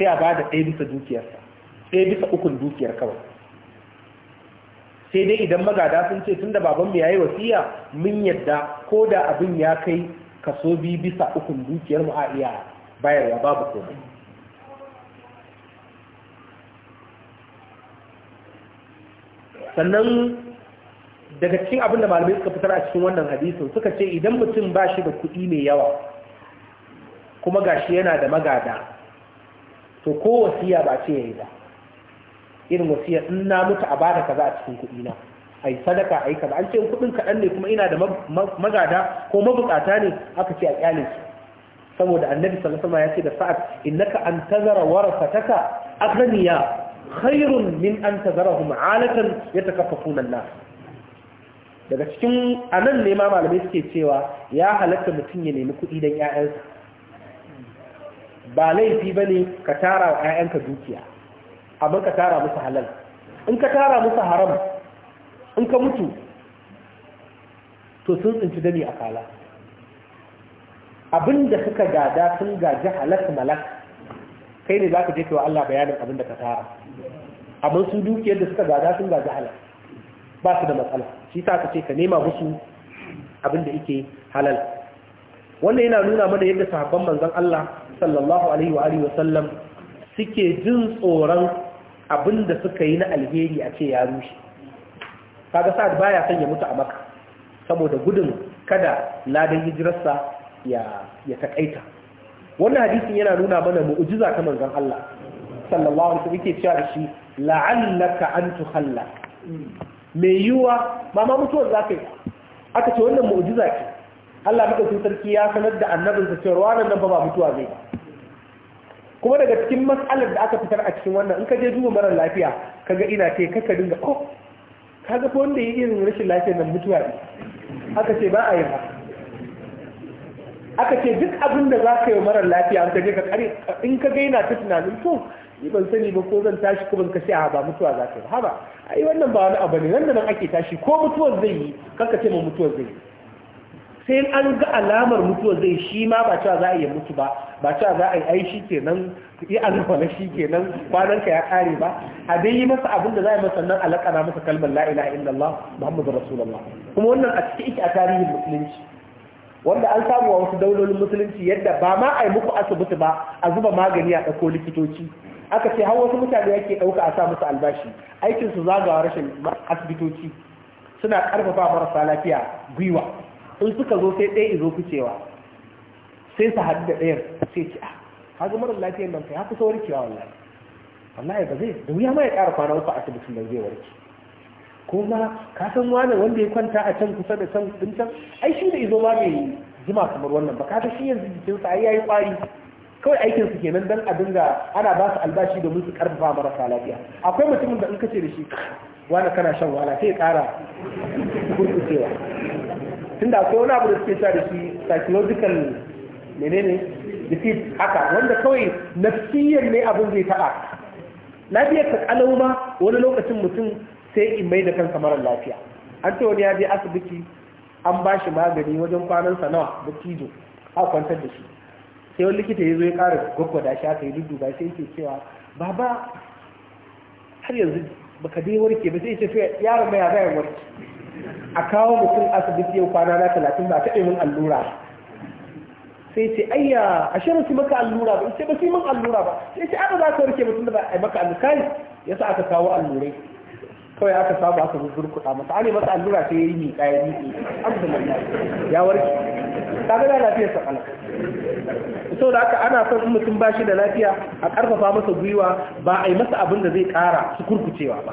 Speaker 1: sai a ba da ɗaya bisa dukiyarsa ɗaya bisa ukun dukiyar kawai sai dai idan magada sun ce tun da baban mu yayi wasiya mun yadda ko da abin ya kai kaso bi bisa uku dukiyar mu a iya bayarwa babu komai sannan daga cikin abin da malamai suka fitar a cikin wannan hadisin suka ce idan mutum ba shi da kuɗi mai yawa kuma gashi yana da magada to ko wasiya ba ce ya yi ba irin wasu in na mutu a bada kaza a cikin kuɗi na ai sadaka ai kaza an ce kuɗin kaɗan ne kuma ina da magada ko mabukata ne aka ce a kyale su saboda annabi sallallahu alaihi ya ce da sa'ad innaka an tazara warasataka aghniya khairun min an ya alatan yatakaffafuna an-nas daga cikin anan ne ma malamai suke cewa ya halatta mutum ya nemi kuɗi don 'ya'yansa ba laifi bane ka tara wa 'ya'yanka dukiya abin ka tara musu halal in ka tara musu haram in ka mutu to sun tsinci dani a kala Abin da suka gada sun gaji halak malak kai ne za ka je kewa Allah bayanin abin da ka tara abin su dukiyar da suka gada sun gaji halak ba su da matsala shi ta ka ce ka nema musu abin da yake halal wannan yana nuna mana yadda sahabban manzon Allah sallallahu alaihi wa alihi wa sallam suke jin tsoron abin da suka yi na alheri a ce ya rushe kaga sa'ad baya son ya mutu a maka saboda gudun kada ladan hijirarsa ya takaita wannan hadisin yana nuna mana mu'ujiza ta manzon Allah sallallahu alaihi wasallam yake cewa da shi la'allaka an tuhalla me yiwa mama mutuwar za ka yi aka ce wannan mu'ujiza ce Allah sun sarki ya sanar da annabinsa cewa wannan nan ba mutuwa zai ba kuma daga cikin matsalar da aka fitar a cikin wannan in ka je duba marar lafiya ka ga ina ce kaka dinga ko oh, ka ga wanda ya irin rashin lafiyar nan mutuwa ne aka ce ba a yi ba aka ce duk abin da za ka yi marar lafiya an ta je ka kare in ka ga ina ta tunanin to ni ban sani ba ko zan tashi ko ban kashe a ba mutuwa za ka yi ba haba ai wannan ba wani abu ne nan da nan ake tashi ko mutuwar zai yi kanka ce ma mutuwar zai yi sai an ga alamar mutuwa zai shi ma ba cewa za a yi mutu ba ba cewa za a yi ai shi nan yi alwala shi kenan kwanan ka ya kare ba a dai yi masa abin da za a yi masa nan alakana masa kalmar la inda illallah muhammadu rasulullah kuma wannan a cikin iki a tarihin musulunci wanda an samu wa wasu daulolin musulunci yadda ba ma a yi muku asibiti ba a zuba magani a ɗauko likitoci aka ce har wasu mutane yake ɗauka a sa musu albashi aikinsu zagawa rashin asibitoci suna ƙarfafa marasa lafiya gwiwa in suka zo sai ɗaya izo kucewa sai su haɗu da ɗayar sai ci. a ah, kaga marar lafiyar nan ya kusa warkewa wallahi wallahi ba zai da wuya ma ya ƙara kwana uku a asibitin da zai warke kuma ka san wani wanda ya kwanta a can kusa da can din can ai shi da izo ma mai jima kamar wannan ba ka ta shi yanzu jikin sa ai yayi kwari kawai aikin su kenan dan a dinga ana ba su albashi domin su karfafa marasa lafiya akwai mutumin da in ka ce da shi wani kana shan wala sai ya ƙara gurgucewa tunda akwai wani abu da suke sa da shi psychological menene defeat haka wanda kawai nafiyar ne abin zai taɓa lafiyar ka kalau ma wani lokacin mutum sai in mai da kansa mara lafiya an ce wani ya je asibiti an ba shi magani wajen kwanan sanawa da tijo a kwantar da shi sai wani likita ya zo ya ƙara gwaggwada shi aka yi dudduba sai yake cewa baba har yanzu baka dai warke ba sai ce yaron mai ya bayan warke a kawo mutum asibiti yau kwana na talatin ba taɓa min allura sai ce ayya a ba su maka allura ba ce ba su yi min allura ba sai ce ana za ka warke mutum da ba a maka allura kai ya sa aka kawo allurai kawai aka samu aka zuzzur kuɗa masa ana masa allura sai ya yi miƙa ya yi alhamdulillah ya warke ta ga da lafiyar sa kala da aka ana son in mutum ba shi da lafiya a ƙarfafa masa gwiwa ba a yi masa abin da zai ƙara su kurkucewa ba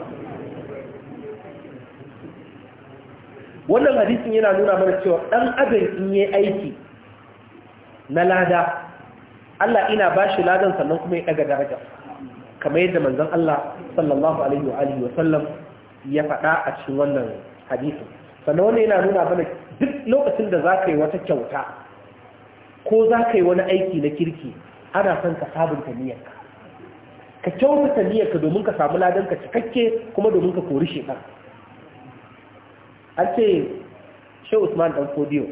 Speaker 1: wannan hadisin yana nuna mana cewa ɗan adam in yi aiki na lada Allah ina bashi ladan sannan kuma ya ɗaga daraja kamar yadda manzon Allah sallallahu alaihi wa alihi wa sallam ya faɗa a cikin wannan hadisin sannan wannan yana nuna mana duk lokacin da zaka yi wata kyauta ko zaka yi wani aiki na kirki ana son ka sabunta niyyarka ka kyautata niyyarka domin ka samu ladan ka cikakke kuma domin ka kori shekara an ce shi usman ɗan kodiyo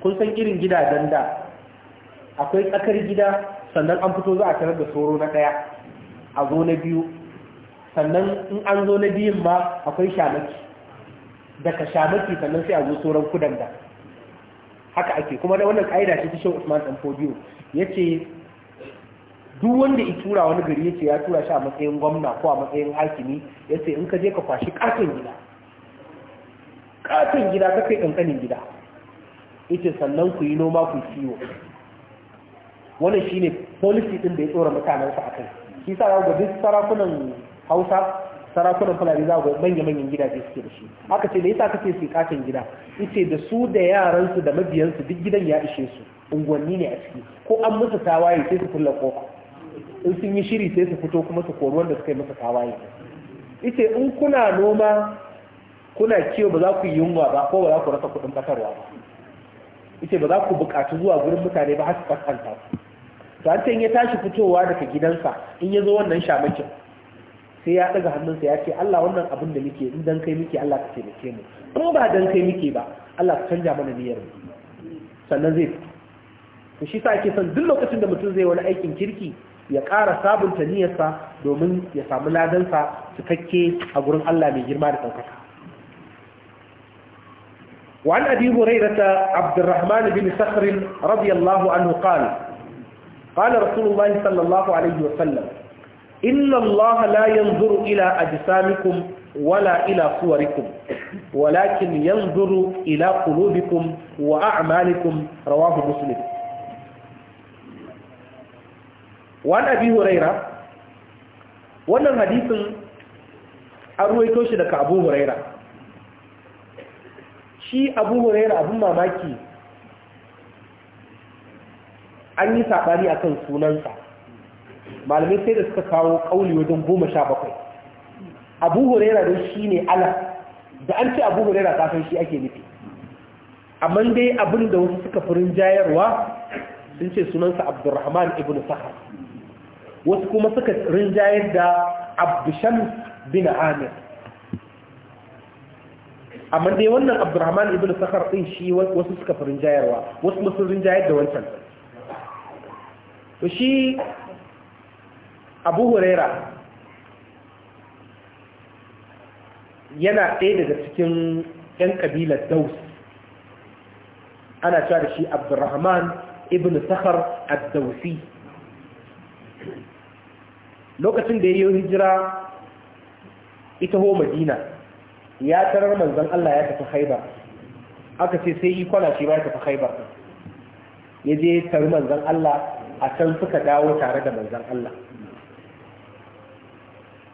Speaker 1: kun san irin gidajen da akwai tsakar gida sannan an fito za a tarar da soro na ɗaya a zo na biyu sannan in an zo na biyun ma akwai shamaki daga shamaki sannan sai a zo sauran kudan da haka ake kuma da wannan ƙa'ida ce ta shi usman ɗan kodiyo ya ce duk wanda ya tura wani gari yace ya tura shi a matsayin gwamna ko a matsayin hakimi yace in ka je ka kwashi katon gida katon gida kai kankanin gida yace sannan ku yi noma ku ciwo wannan shine policy din da ya tsora mutanen sa akai shi sa ga duk sarakunan Hausa sarakunan Fulani za ga manya manyan gidaje suke da shi aka ce da yasa kace su katon gida yace da su da yaran su da mabiyansu duk gidan ya ishe su unguwanni ne a ciki ko an musu tawaye sai su kulle kofa in sun yi shiri sai su fito kuma su kori wanda suka yi masa tawaye ita in kuna noma kuna kiwo ba za ku yi yunwa ba ko ba za ku rasa kuɗin batarwa ba ita ba za ku buƙaci zuwa gurin mutane ba har su kaskanta to an in ya tashi fitowa daga gidansa in ya zo wannan shamakin sai ya ɗaga hannunsa ya ce Allah wannan abin da muke in dan kai muke Allah ka taimake mu in ba dan kai muke ba Allah ka canja mana niyyar mu sannan zai fito to shi sa ake son duk lokacin da mutum zai wani aikin kirki ya ƙara sabunta niyyarsa domin ya samu ladansa cikakke a gurin Allah mai girma da ɗaukaka. وعن أبي هريرة عبد الرحمن بن سخر رضي الله عنه قال قال رسول الله صلى الله عليه وسلم إن الله لا ينظر إلى أجسامكم ولا إلى صوركم ولكن ينظر إلى قلوبكم وأعمالكم رواه مسلم wani abi huraira wannan hadisin an ruwaito shi daga abu huraira shi abu huraira abin mamaki an yi saɓani a kan sunansa malamai sai da suka kawo ƙauli wajen goma sha bakwai abu huraira don shi ne ala da an ce abu huraira kafin shi ake nufi amma dai abin da wasu suka furin jayarwa sun ce sunansa abdurrahman ibn sahar wasu kuma suka rinjayar da abdushams bin amir amma dai wannan abdurrahman ibn sakar din shi wasu suka fi rinjayarwa wasu kuma sun rinjayar da wancan to shi abu huraira yana ɗaya daga cikin 'yan ƙabilar daus ana cewa da shi abdurrahman ibn sakar ad-dausi lokacin da ya yi hijira ita ho madina ya tarar manzan Allah ya tafi haibar aka ce sai yi kwana shi ba ya tafi haibar ya je taru manzan Allah a can suka dawo tare da manzan Allah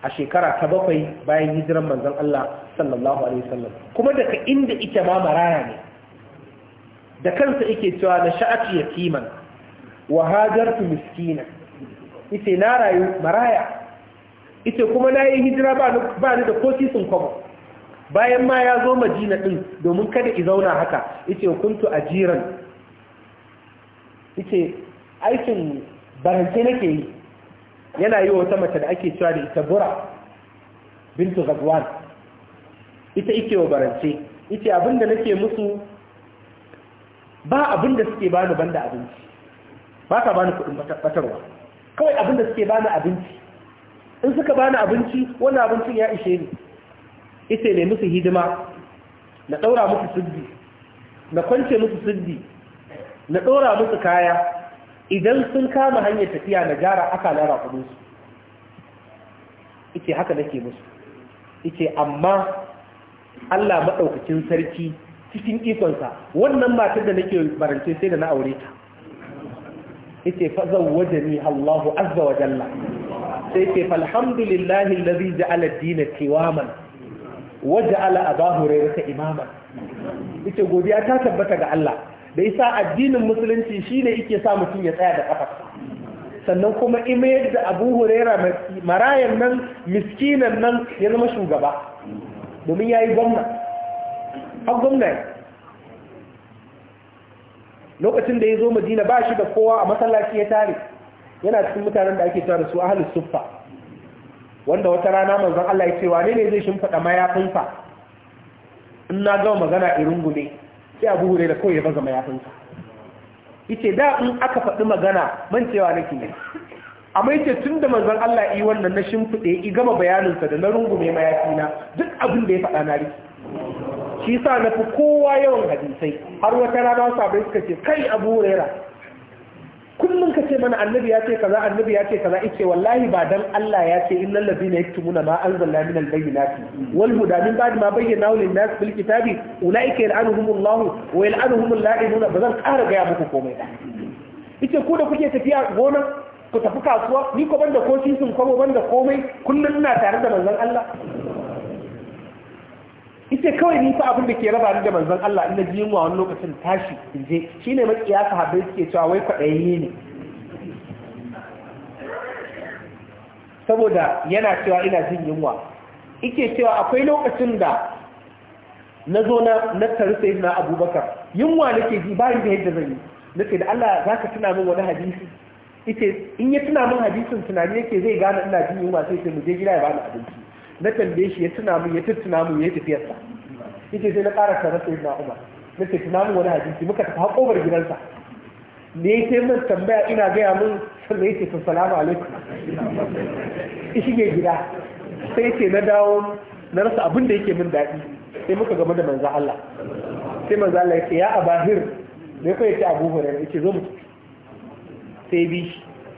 Speaker 1: a shekara ta bakwai bayan hijiran manzan Allah sallallahu alaihi wasallam kuma daga inda ita ma maraya ne da kansa yake cewa na sha'ati yatiman wa hajartu miskinan ita na rayu maraya ita kuma na yi hijira ba ni da ko sisin kwamo bayan ma ya zo majina din domin kada i zauna haka yace kuntu a jiran. ita aikin barance nake yi yana yi wata mace da ake cewa da ita bura bintu gadwan ita ike wa barance ita abinda nake musu ba abinda suke bani banda abinci ba ka bani kudin batarwa kawai abin da suke bani abinci in suka bani abinci wannan abincin ya ishe ni ita ne musu hidima na ɗaura musu sirdi na kwance musu siddi na ɗora musu kaya idan sun kama hanyar tafiya na gyara aka lara kudinsu ike haka nake musu ike amma Allah maɗaukacin sarki cikin ikonsa wannan matar da nake barance sai da na aure ta yace fa ni Allahu azza wa jalla sai yace falhamdulillahi alladhi ja'ala ad-din qiwaman wa ja'ala abahu ka imaman yace godiya ta tabbata ga Allah da isa addinin musulunci shine yake sa mutum ya tsaya da kafar sannan kuma ime da Abu Huraira marayan nan miskinan nan ya zama shugaba domin yayi gwamna har gwamna lokacin da ya zo madina ba shi da kowa a masallaci ya tare yana cikin mutanen da ake tare su ahalus suffa wanda wata rana manzon Allah ya ce wane ne zai shimfida mayafinsa in na gama magana irin gume sai abu hure da kawai ya baza mayafinsa yace da in aka faɗi magana man cewa nake ne amma yace tunda manzon Allah yi wannan na shimfide i gama bayanin sa da na rungume mayafina duk abin da ya faɗa na riki shi sa na fi kowa yawan hadisai har wata rana abin suka ce kai abu huraira kullum ka ce mana annabi ya ce kaza annabi ya ce kaza ike wallahi ba dan Allah ya ce innal ladina yaktumuna ma anzalna min albayyinati wal huda min ba'd ma bayyana lin nas bil kitabi ulaika yal'anuhumullahu wa nuna? Ba zan ƙara ga muku komai da ice ku da kuke tafiya gona ku tafi kasuwa ni ko banda ko sisin kwabo banda komai kullum ina tare da manzon Allah ita kawai ni fa abin da ke raba ni da manzon Allah in ji yunwa wani lokacin tashi in je shine makiya habai suke cewa wai kwaɗayayye ne saboda yana cewa ina jin yunwa ike cewa akwai lokacin da na zo na nattari sai na abubakar yunwa nake ji ba ni da yadda zan yi nake da Allah za ka tuna min wani hadisi ita in ya tuna min hadisin tunani yake zai gane ina jin yunwa sai sai mu je gida ya bani abinci na tambaye shi ya tuna mun ya tuna mun ya tafiyar sa yace sai na ƙara sanar sai na Umar na ce tuna mun wani hadisi muka tafi har kofar gidansa ne sai mun tambaya ina gaya mun sai yake to salamu alaikum shige gida sai yake na dawo na rasa abin da yake min daɗi sai muka gama da manzo Allah sai manzo Allah yake ya abahir ne kai yake Abu Hurairah yake zo mu sai bi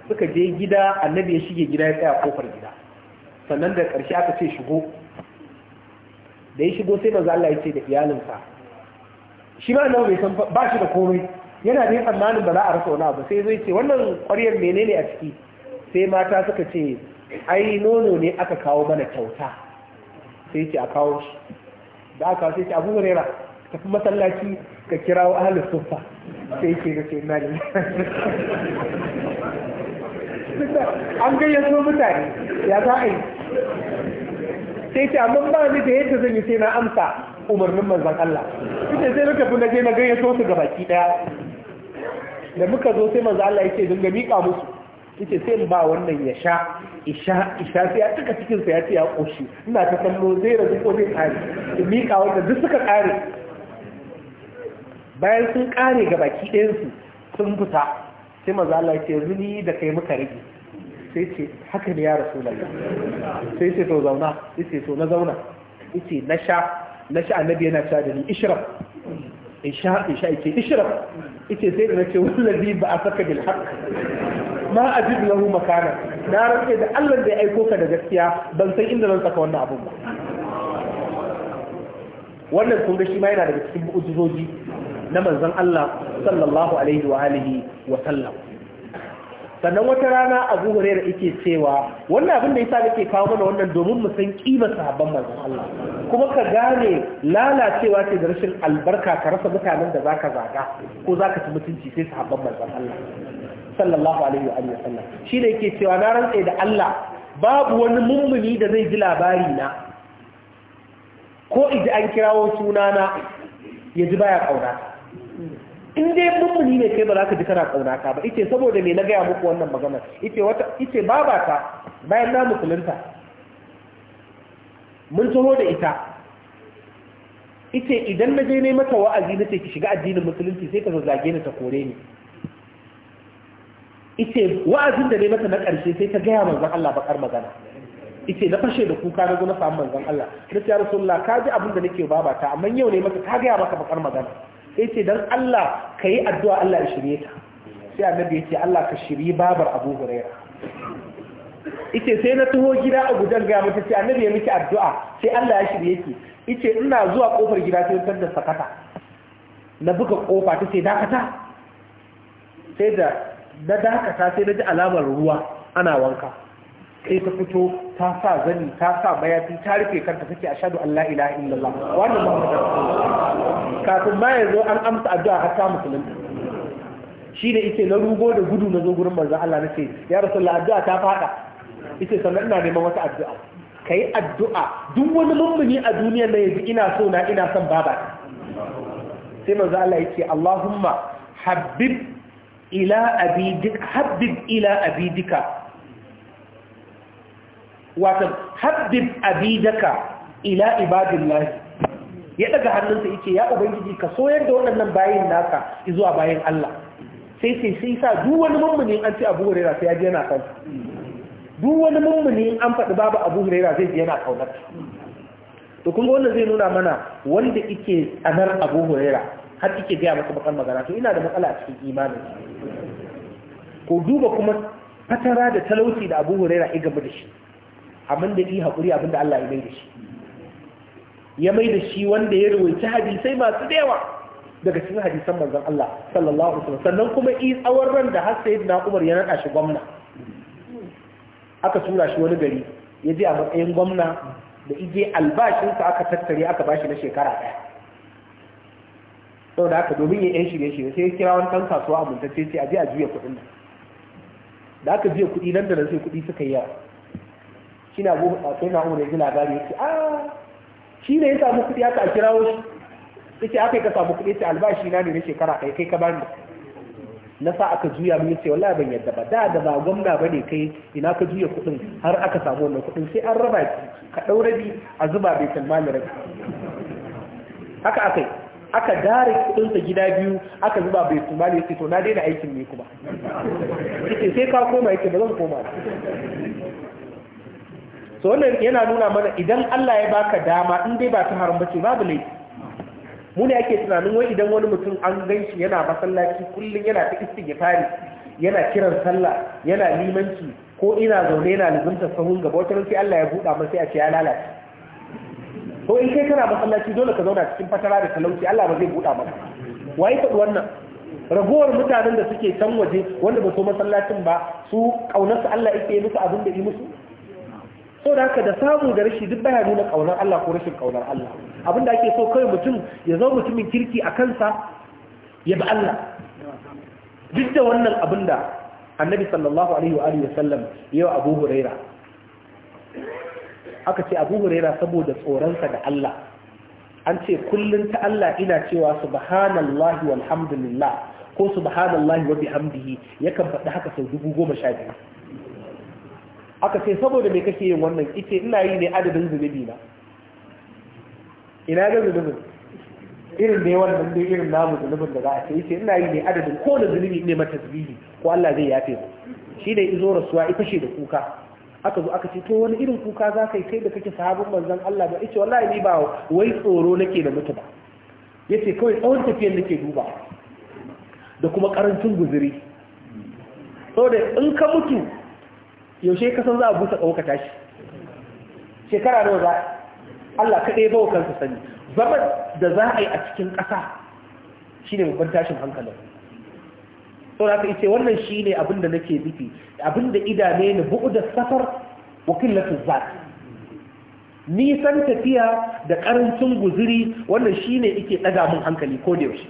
Speaker 1: suka je gida annabi ya shige gida ya tsaya kofar gida sannan da ƙarshe aka ce shigo da ya shigo sai maza Allah ya ce da iyalinsa shi ma nan bai san ba shi da komai yana da yin tsammanin ba za a rasa wani abu sai zai ce wannan ƙwaryar menene a ciki sai mata suka ce ai nono ne aka kawo mana kyauta sai ce a kawo shi da aka sai ce abu tafi masallaci ka kirawo ahalus sufa sai ke da ce na
Speaker 2: an gayyato mutane ya za a yi sai ce amma
Speaker 1: ba ni da yadda zan yi sai na amsa umarnin manzan Allah ita sai na tafi na je na gayyato su ga baki daya da muka zo sai manzan Allah yake dinga miƙa musu yace sai in ba wannan ya sha isha isha sai ya tuka cikin sa ya ce ya koshi ina ta kallo zai rabu ko zai kare in miƙa wannan duk suka kare bayan sun kare ga baki ɗayan su sun fita sai manzan Allah yake yanzu ni da kai muka rage sai ce haka ne ya rasulullah sai ce to zauna ce to na zauna ce na sha na sha annabi yana sha da ni ishrab in sha in sha yace ishrab ce sai da nace wallazi ba a saka bil
Speaker 2: haqq
Speaker 1: ma ajid lahu makana na rantsa da Allah da ya aiko ka da gaskiya ban san inda zan saka wannan abun ba wannan kun ga shi ma yana daga cikin mu'ujizoji na manzon Allah sallallahu alaihi wa alihi wa sallam sannan wata rana a zuhure da ike cewa wannan abin da yasa nake kawo mana wannan domin mu san sahabban manzon Allah kuma ka gane lalacewa ce da rashin albarka ka rasa mutanen da zaka zaga ko zaka ci mutunci sai sahabban manzon Allah sallallahu alaihi wa sallam. Shi shine yake cewa na rantse da Allah babu wani mummuni da zai ji labari na ko iji an kirawo sunana ya ji baya kauna in dai mummuni ne kai ba za ka ji kana ka ba ice saboda me na gaya muku wannan magana ice wata ice babata bayan na musulunta mun taho da ita ice idan na je ne mata wa'azi na ce ki shiga addinin musulunci sai ka zazzage ni ta kore ni ice wa'azin da ne mata na ƙarshe sai ta gaya manzon Allah bakar magana ice na fashe da kuka na go na samu manzon Allah na ce ya rasulullah ka ji abin da nake babata amma yau ne mata ta gaya maka bakar magana ce don Allah ka yi addu'a Allah ya shirye ta sai annabi ce Allah ka shirye babar Abu Huraira yace sai na taho gida a gudan ga mata sai annabi ya miki addu'a sai Allah ya shirye ki yace ina zuwa kofar gida sai tar da sakata na buga kofa ta sai dakata sai da na dakata sai na ji alamar ruwa ana wanka kai ta fito ta sa zani ta sa mayafi ta rufe kanta take ashhadu an la ilaha illallah wannan muhammadu
Speaker 2: rasulullah
Speaker 1: kafin ma yazo an amsa addu'a har ta musulunci shi da yake na rugo da gudu na zo gurin manzon Allah nace ya rasulullah addu'a ta fada yace sannan ina neman wata addu'a kai addu'a duk wani mummuni a duniya na yanzu ina so na ina son baba sai manzo Allah yake Allahumma habib ila abidika habib ila abidika watan haddib abidaka ila ibadillahi ya daga hannunsa yake ya ubangiji ka soyar da waɗannan bayin naka zuwa bayin Allah sai sai sai sa duk wani mummuni an ce Abu Hurairah sai ya je yana kan duk wani mummuni an faɗi babu Abu Hurairah zai je yana kaunar to kun wannan zai nuna mana wanda yake tsanar Abu Hurairah har yake ga masa bakan magana to ina da matsala a cikin imanin ko duba kuma fatara da talauci da Abu Hurairah ya gaba da shi abin da yi haƙuri abin da Allah ya mai da shi ya mai da shi wanda ya rubuta hadisai masu da yawa daga cikin hadisan Manzan Allah sallallahu alaihi wasallam sannan kuma yi tsawon ran da har na Umar ya nada shi gwamna aka tura shi wani gari ya je a matsayin gwamna da ije albashinsa aka tattare aka bashi na shekara ɗaya sau da aka domin ya yan shirye-shirye sai ya kira wani ɗan kasuwa amintacce ce a je a juya kuɗin nan da aka juya kuɗi nan da nan sai kuɗi suka yi yawa kina na a sai na umar yanzu labari ya ce a ah, shi ne ya samu kuɗi aka kirawo shi ya ce aka yi ka samu kuɗi ce albashi na ne na shekara kai kai ka bani na sa aka juya mu ce wallahi ban yadda ba da da ba gwamna ba ne kai ina ka juya kuɗin har aka samu wannan kuɗin sai an raba ka ɗaura rabi a zuba bai mali rabi haka akai aka dare sa gida biyu aka zuba bai talmani ya ce to na daina aikin ne kuma sai ka koma yake ba zan koma so wannan yana nuna mana idan Allah ya baka dama in dai ba ta haram bace babu laifi mu ne ake tunanin wai idan wani mutum an ganshi yana masallaci kullum yana ta istighfari yana kiran sallah yana limanci ko ina zaune yana lizunta sahun gaba wata sai Allah ya buɗa masa a ce ya lalace to in kai kana masallaci dole ka zauna cikin fatara da talauci Allah ba zai buɗa maka waye faɗi wannan ragowar mutanen da suke can waje wanda ba su masallacin ba su ƙaunarsa Allah yake yi musu abin da yi musu so da haka da samu da rashi duk baya nuna ƙaunar Allah ko rashin ƙaunar Allah abinda ake so kawai mutum ya zo mutumin kirki a kansa ya bi Allah duk da wannan abinda annabi sallallahu alaihi wa alihi wasallam ya wa Abu Huraira aka ce Abu Huraira saboda tsoronsa ga Allah an ce kullun ta Allah ina cewa subhanallahi walhamdulillah ko subhanallahi wa bihamdihi yakan faɗi haka sau dubu goma sha biyu aka ce saboda me kake yin wannan ita ina yi ne adadin zunubi na ina ga zunubin irin da yawan nan irin namu zunubin da za a ce ita ina yi ne adadin ko da zunubi ne mata zunubi ko Allah zai yafe mu shi da izo rasuwa ita ce da kuka aka zo aka ce to wani irin kuka za ka yi kai da kake sahabin manzan Allah ba ita wallahi ni ba wai tsoro nake da mutu ba yace kawai tsawon tafiyar nake duba da kuma karancin guzuri saboda in ka mutu yaushe ka san za a busa ɗauka tashi shekara nawa za Allah kaɗai wa kansa sani zama da za a yi a cikin ƙasa shine babban tashin hankalin saboda haka ce wannan shine abin da nake nufi abin da idane ni da safar wa qillatu zat nisan tafiya da ƙarancin guziri wannan shine ike ɗaga min hankali ko da yaushe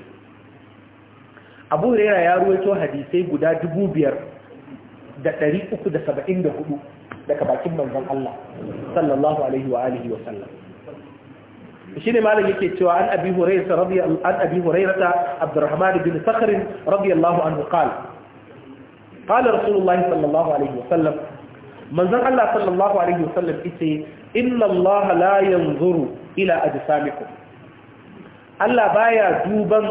Speaker 1: Abu yana ya ruwaito hadisai guda dubu biyar. da ɗari uku da saba'in da hudu daga bakin manzon Allah sallallahu alaihi wa alihi wa sallam shi ne malam yake cewa an abi hurairata radiyallahu an abi hurairata abdurrahman bin sakhr radiyallahu anhu qala qala rasulullahi sallallahu alaihi wa sallam manzon Allah sallallahu alaihi wa sallam yace inna Allah la yanzuru ila ajsamikum Allah baya duban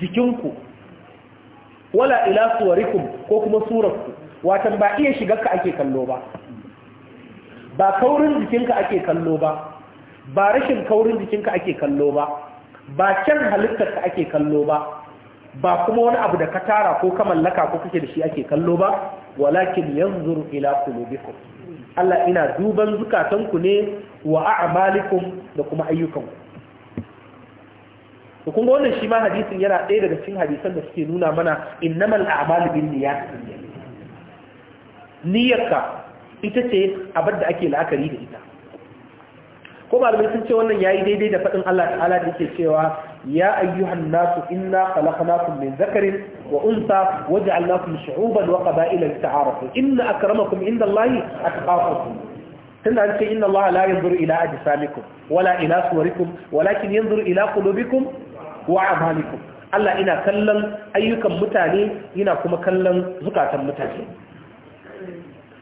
Speaker 1: jikinku wala ila suwarikum ko kuma surarku watan ba iya ka ake kallo ba ba kaurin jikinka ake kallo ba ba rashin kaurin jikinka ake kallo ba ba can halittarka ake kallo ba ba kuma wani abu da ka tara ko ka mallaka ko kake da shi ake kallo ba walakin yanzuru ila qulubikum Allah ina duban zukatanku ne wa a'malikum da kuma ayyukanku to kun ga wannan shi ma hadisin yana ɗaya daga cikin hadisan da suke nuna mana innamal a'malu binniyat niyyarka ita ce abin da ake la'akari da ita ko malamai sun ce wannan yayi daidai da faɗin Allah ta'ala da yake cewa ya ayyuhan nasu inna khalaqnakum min zakarin wa unsa waja'alnakum shu'uban wa qaba'ila lita'arafu inna akramakum indallahi atqakum tunda an ce inna Allah la yanzuru ila ajsamikum wala ila suwarikum walakin yanzuru ila qulubikum wa a'malikum Allah ina kallon ayyukan mutane ina kuma kallon zukatan mutane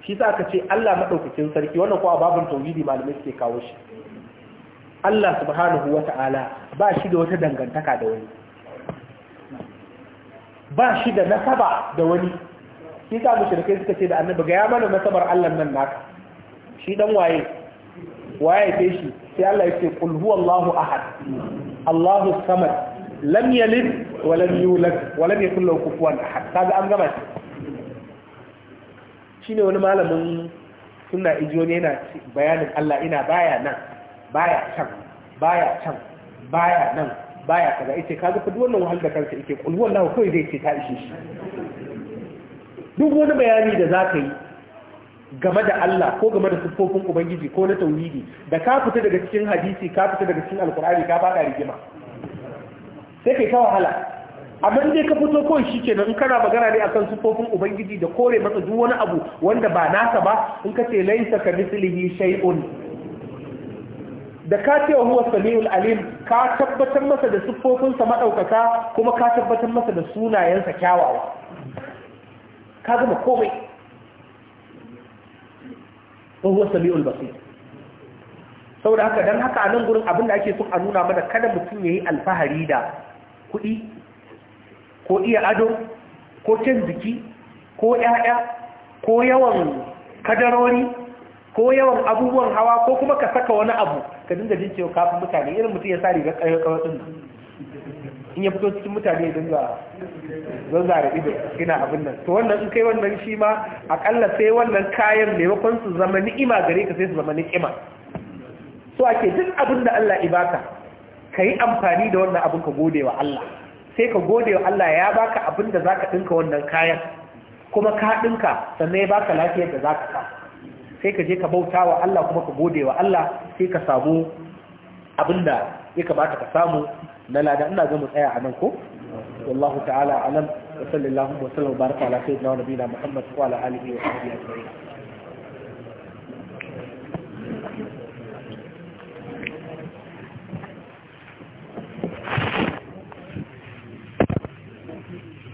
Speaker 1: shi sa aka ce Allah madaukakin sarki wannan ko a babun tauhidi malamai suke kawo shi Allah subhanahu wata'ala ba shi da wata dangantaka da wani ba shi da nasaba da wani shi sa mushrikai suka ce da annabi ga ya mana nasabar Allah nan naka shi dan waye waye ke shi sai Allah ya ce qul huwallahu ahad Allahu samad lam yalid wa lam yulad wa lam yakul lahu kufuwan ahad kaga an gama shi shine wani malamin suna ijo ne yana bayanin Allah ina baya nan baya can baya can baya nan baya kaza ce ka fa duk wannan wahal da kansa yake kul wallahi kawai zai ce ta ishe shi duk wani bayani da zaka yi game da Allah ko game da sufofin ubangiji ko na tauhidi da ka fita daga cikin hadisi ka fita daga cikin alkur'ani ka fada rigima sai kai ka wahala abin da ka fito kawai shi ke nan kana magana ne akan sufofin ubangiji da kore masa duk wani abu wanda ba nasa ba in ka ce laisa ka mislihi shay'un da ka ce huwa samiul alim ka tabbatar masa da sa madaukaka kuma ka tabbatar masa da sunayensa kyawawa ka gama komai wa huwa samiul basir saboda haka dan haka a nan gurin abin da ake son a nuna mana kada mutum yayi alfahari da kuɗi ko iya ado ko cin jiki ko 'ya'ya, ko yawan kadarori ko yawan abubuwan hawa ko kuma ka saka wani abu ka dinga jin cewa kafin mutane irin mutum ya sa ga ƙayar ƙawar ɗin in ya fito cikin mutane ya dinga zanza da ido ina abin nan to wannan in kai wannan shi ma akalla sai wannan kayan maimakon su zama ni'ima gare ka sai su zama ni'ima so ake duk abin da Allah ibaka ka yi amfani da wannan abin ka gode wa Allah sai ka gode wa Allah ya baka abin da zaka dinka wannan kayan kuma ka dinka sannan ya baka lafiyar da zaka ka sai ka je ka bauta wa Allah kuma ka gode wa Allah sai ka samu abin da ya kamata ka samu na lada ina ga mu tsaya a nan ko wallahu ta'ala alam wa sallallahu wa sallam baraka ala sayyidina wa nabiyina muhammad wa ala alihi wa sahbihi ajma'in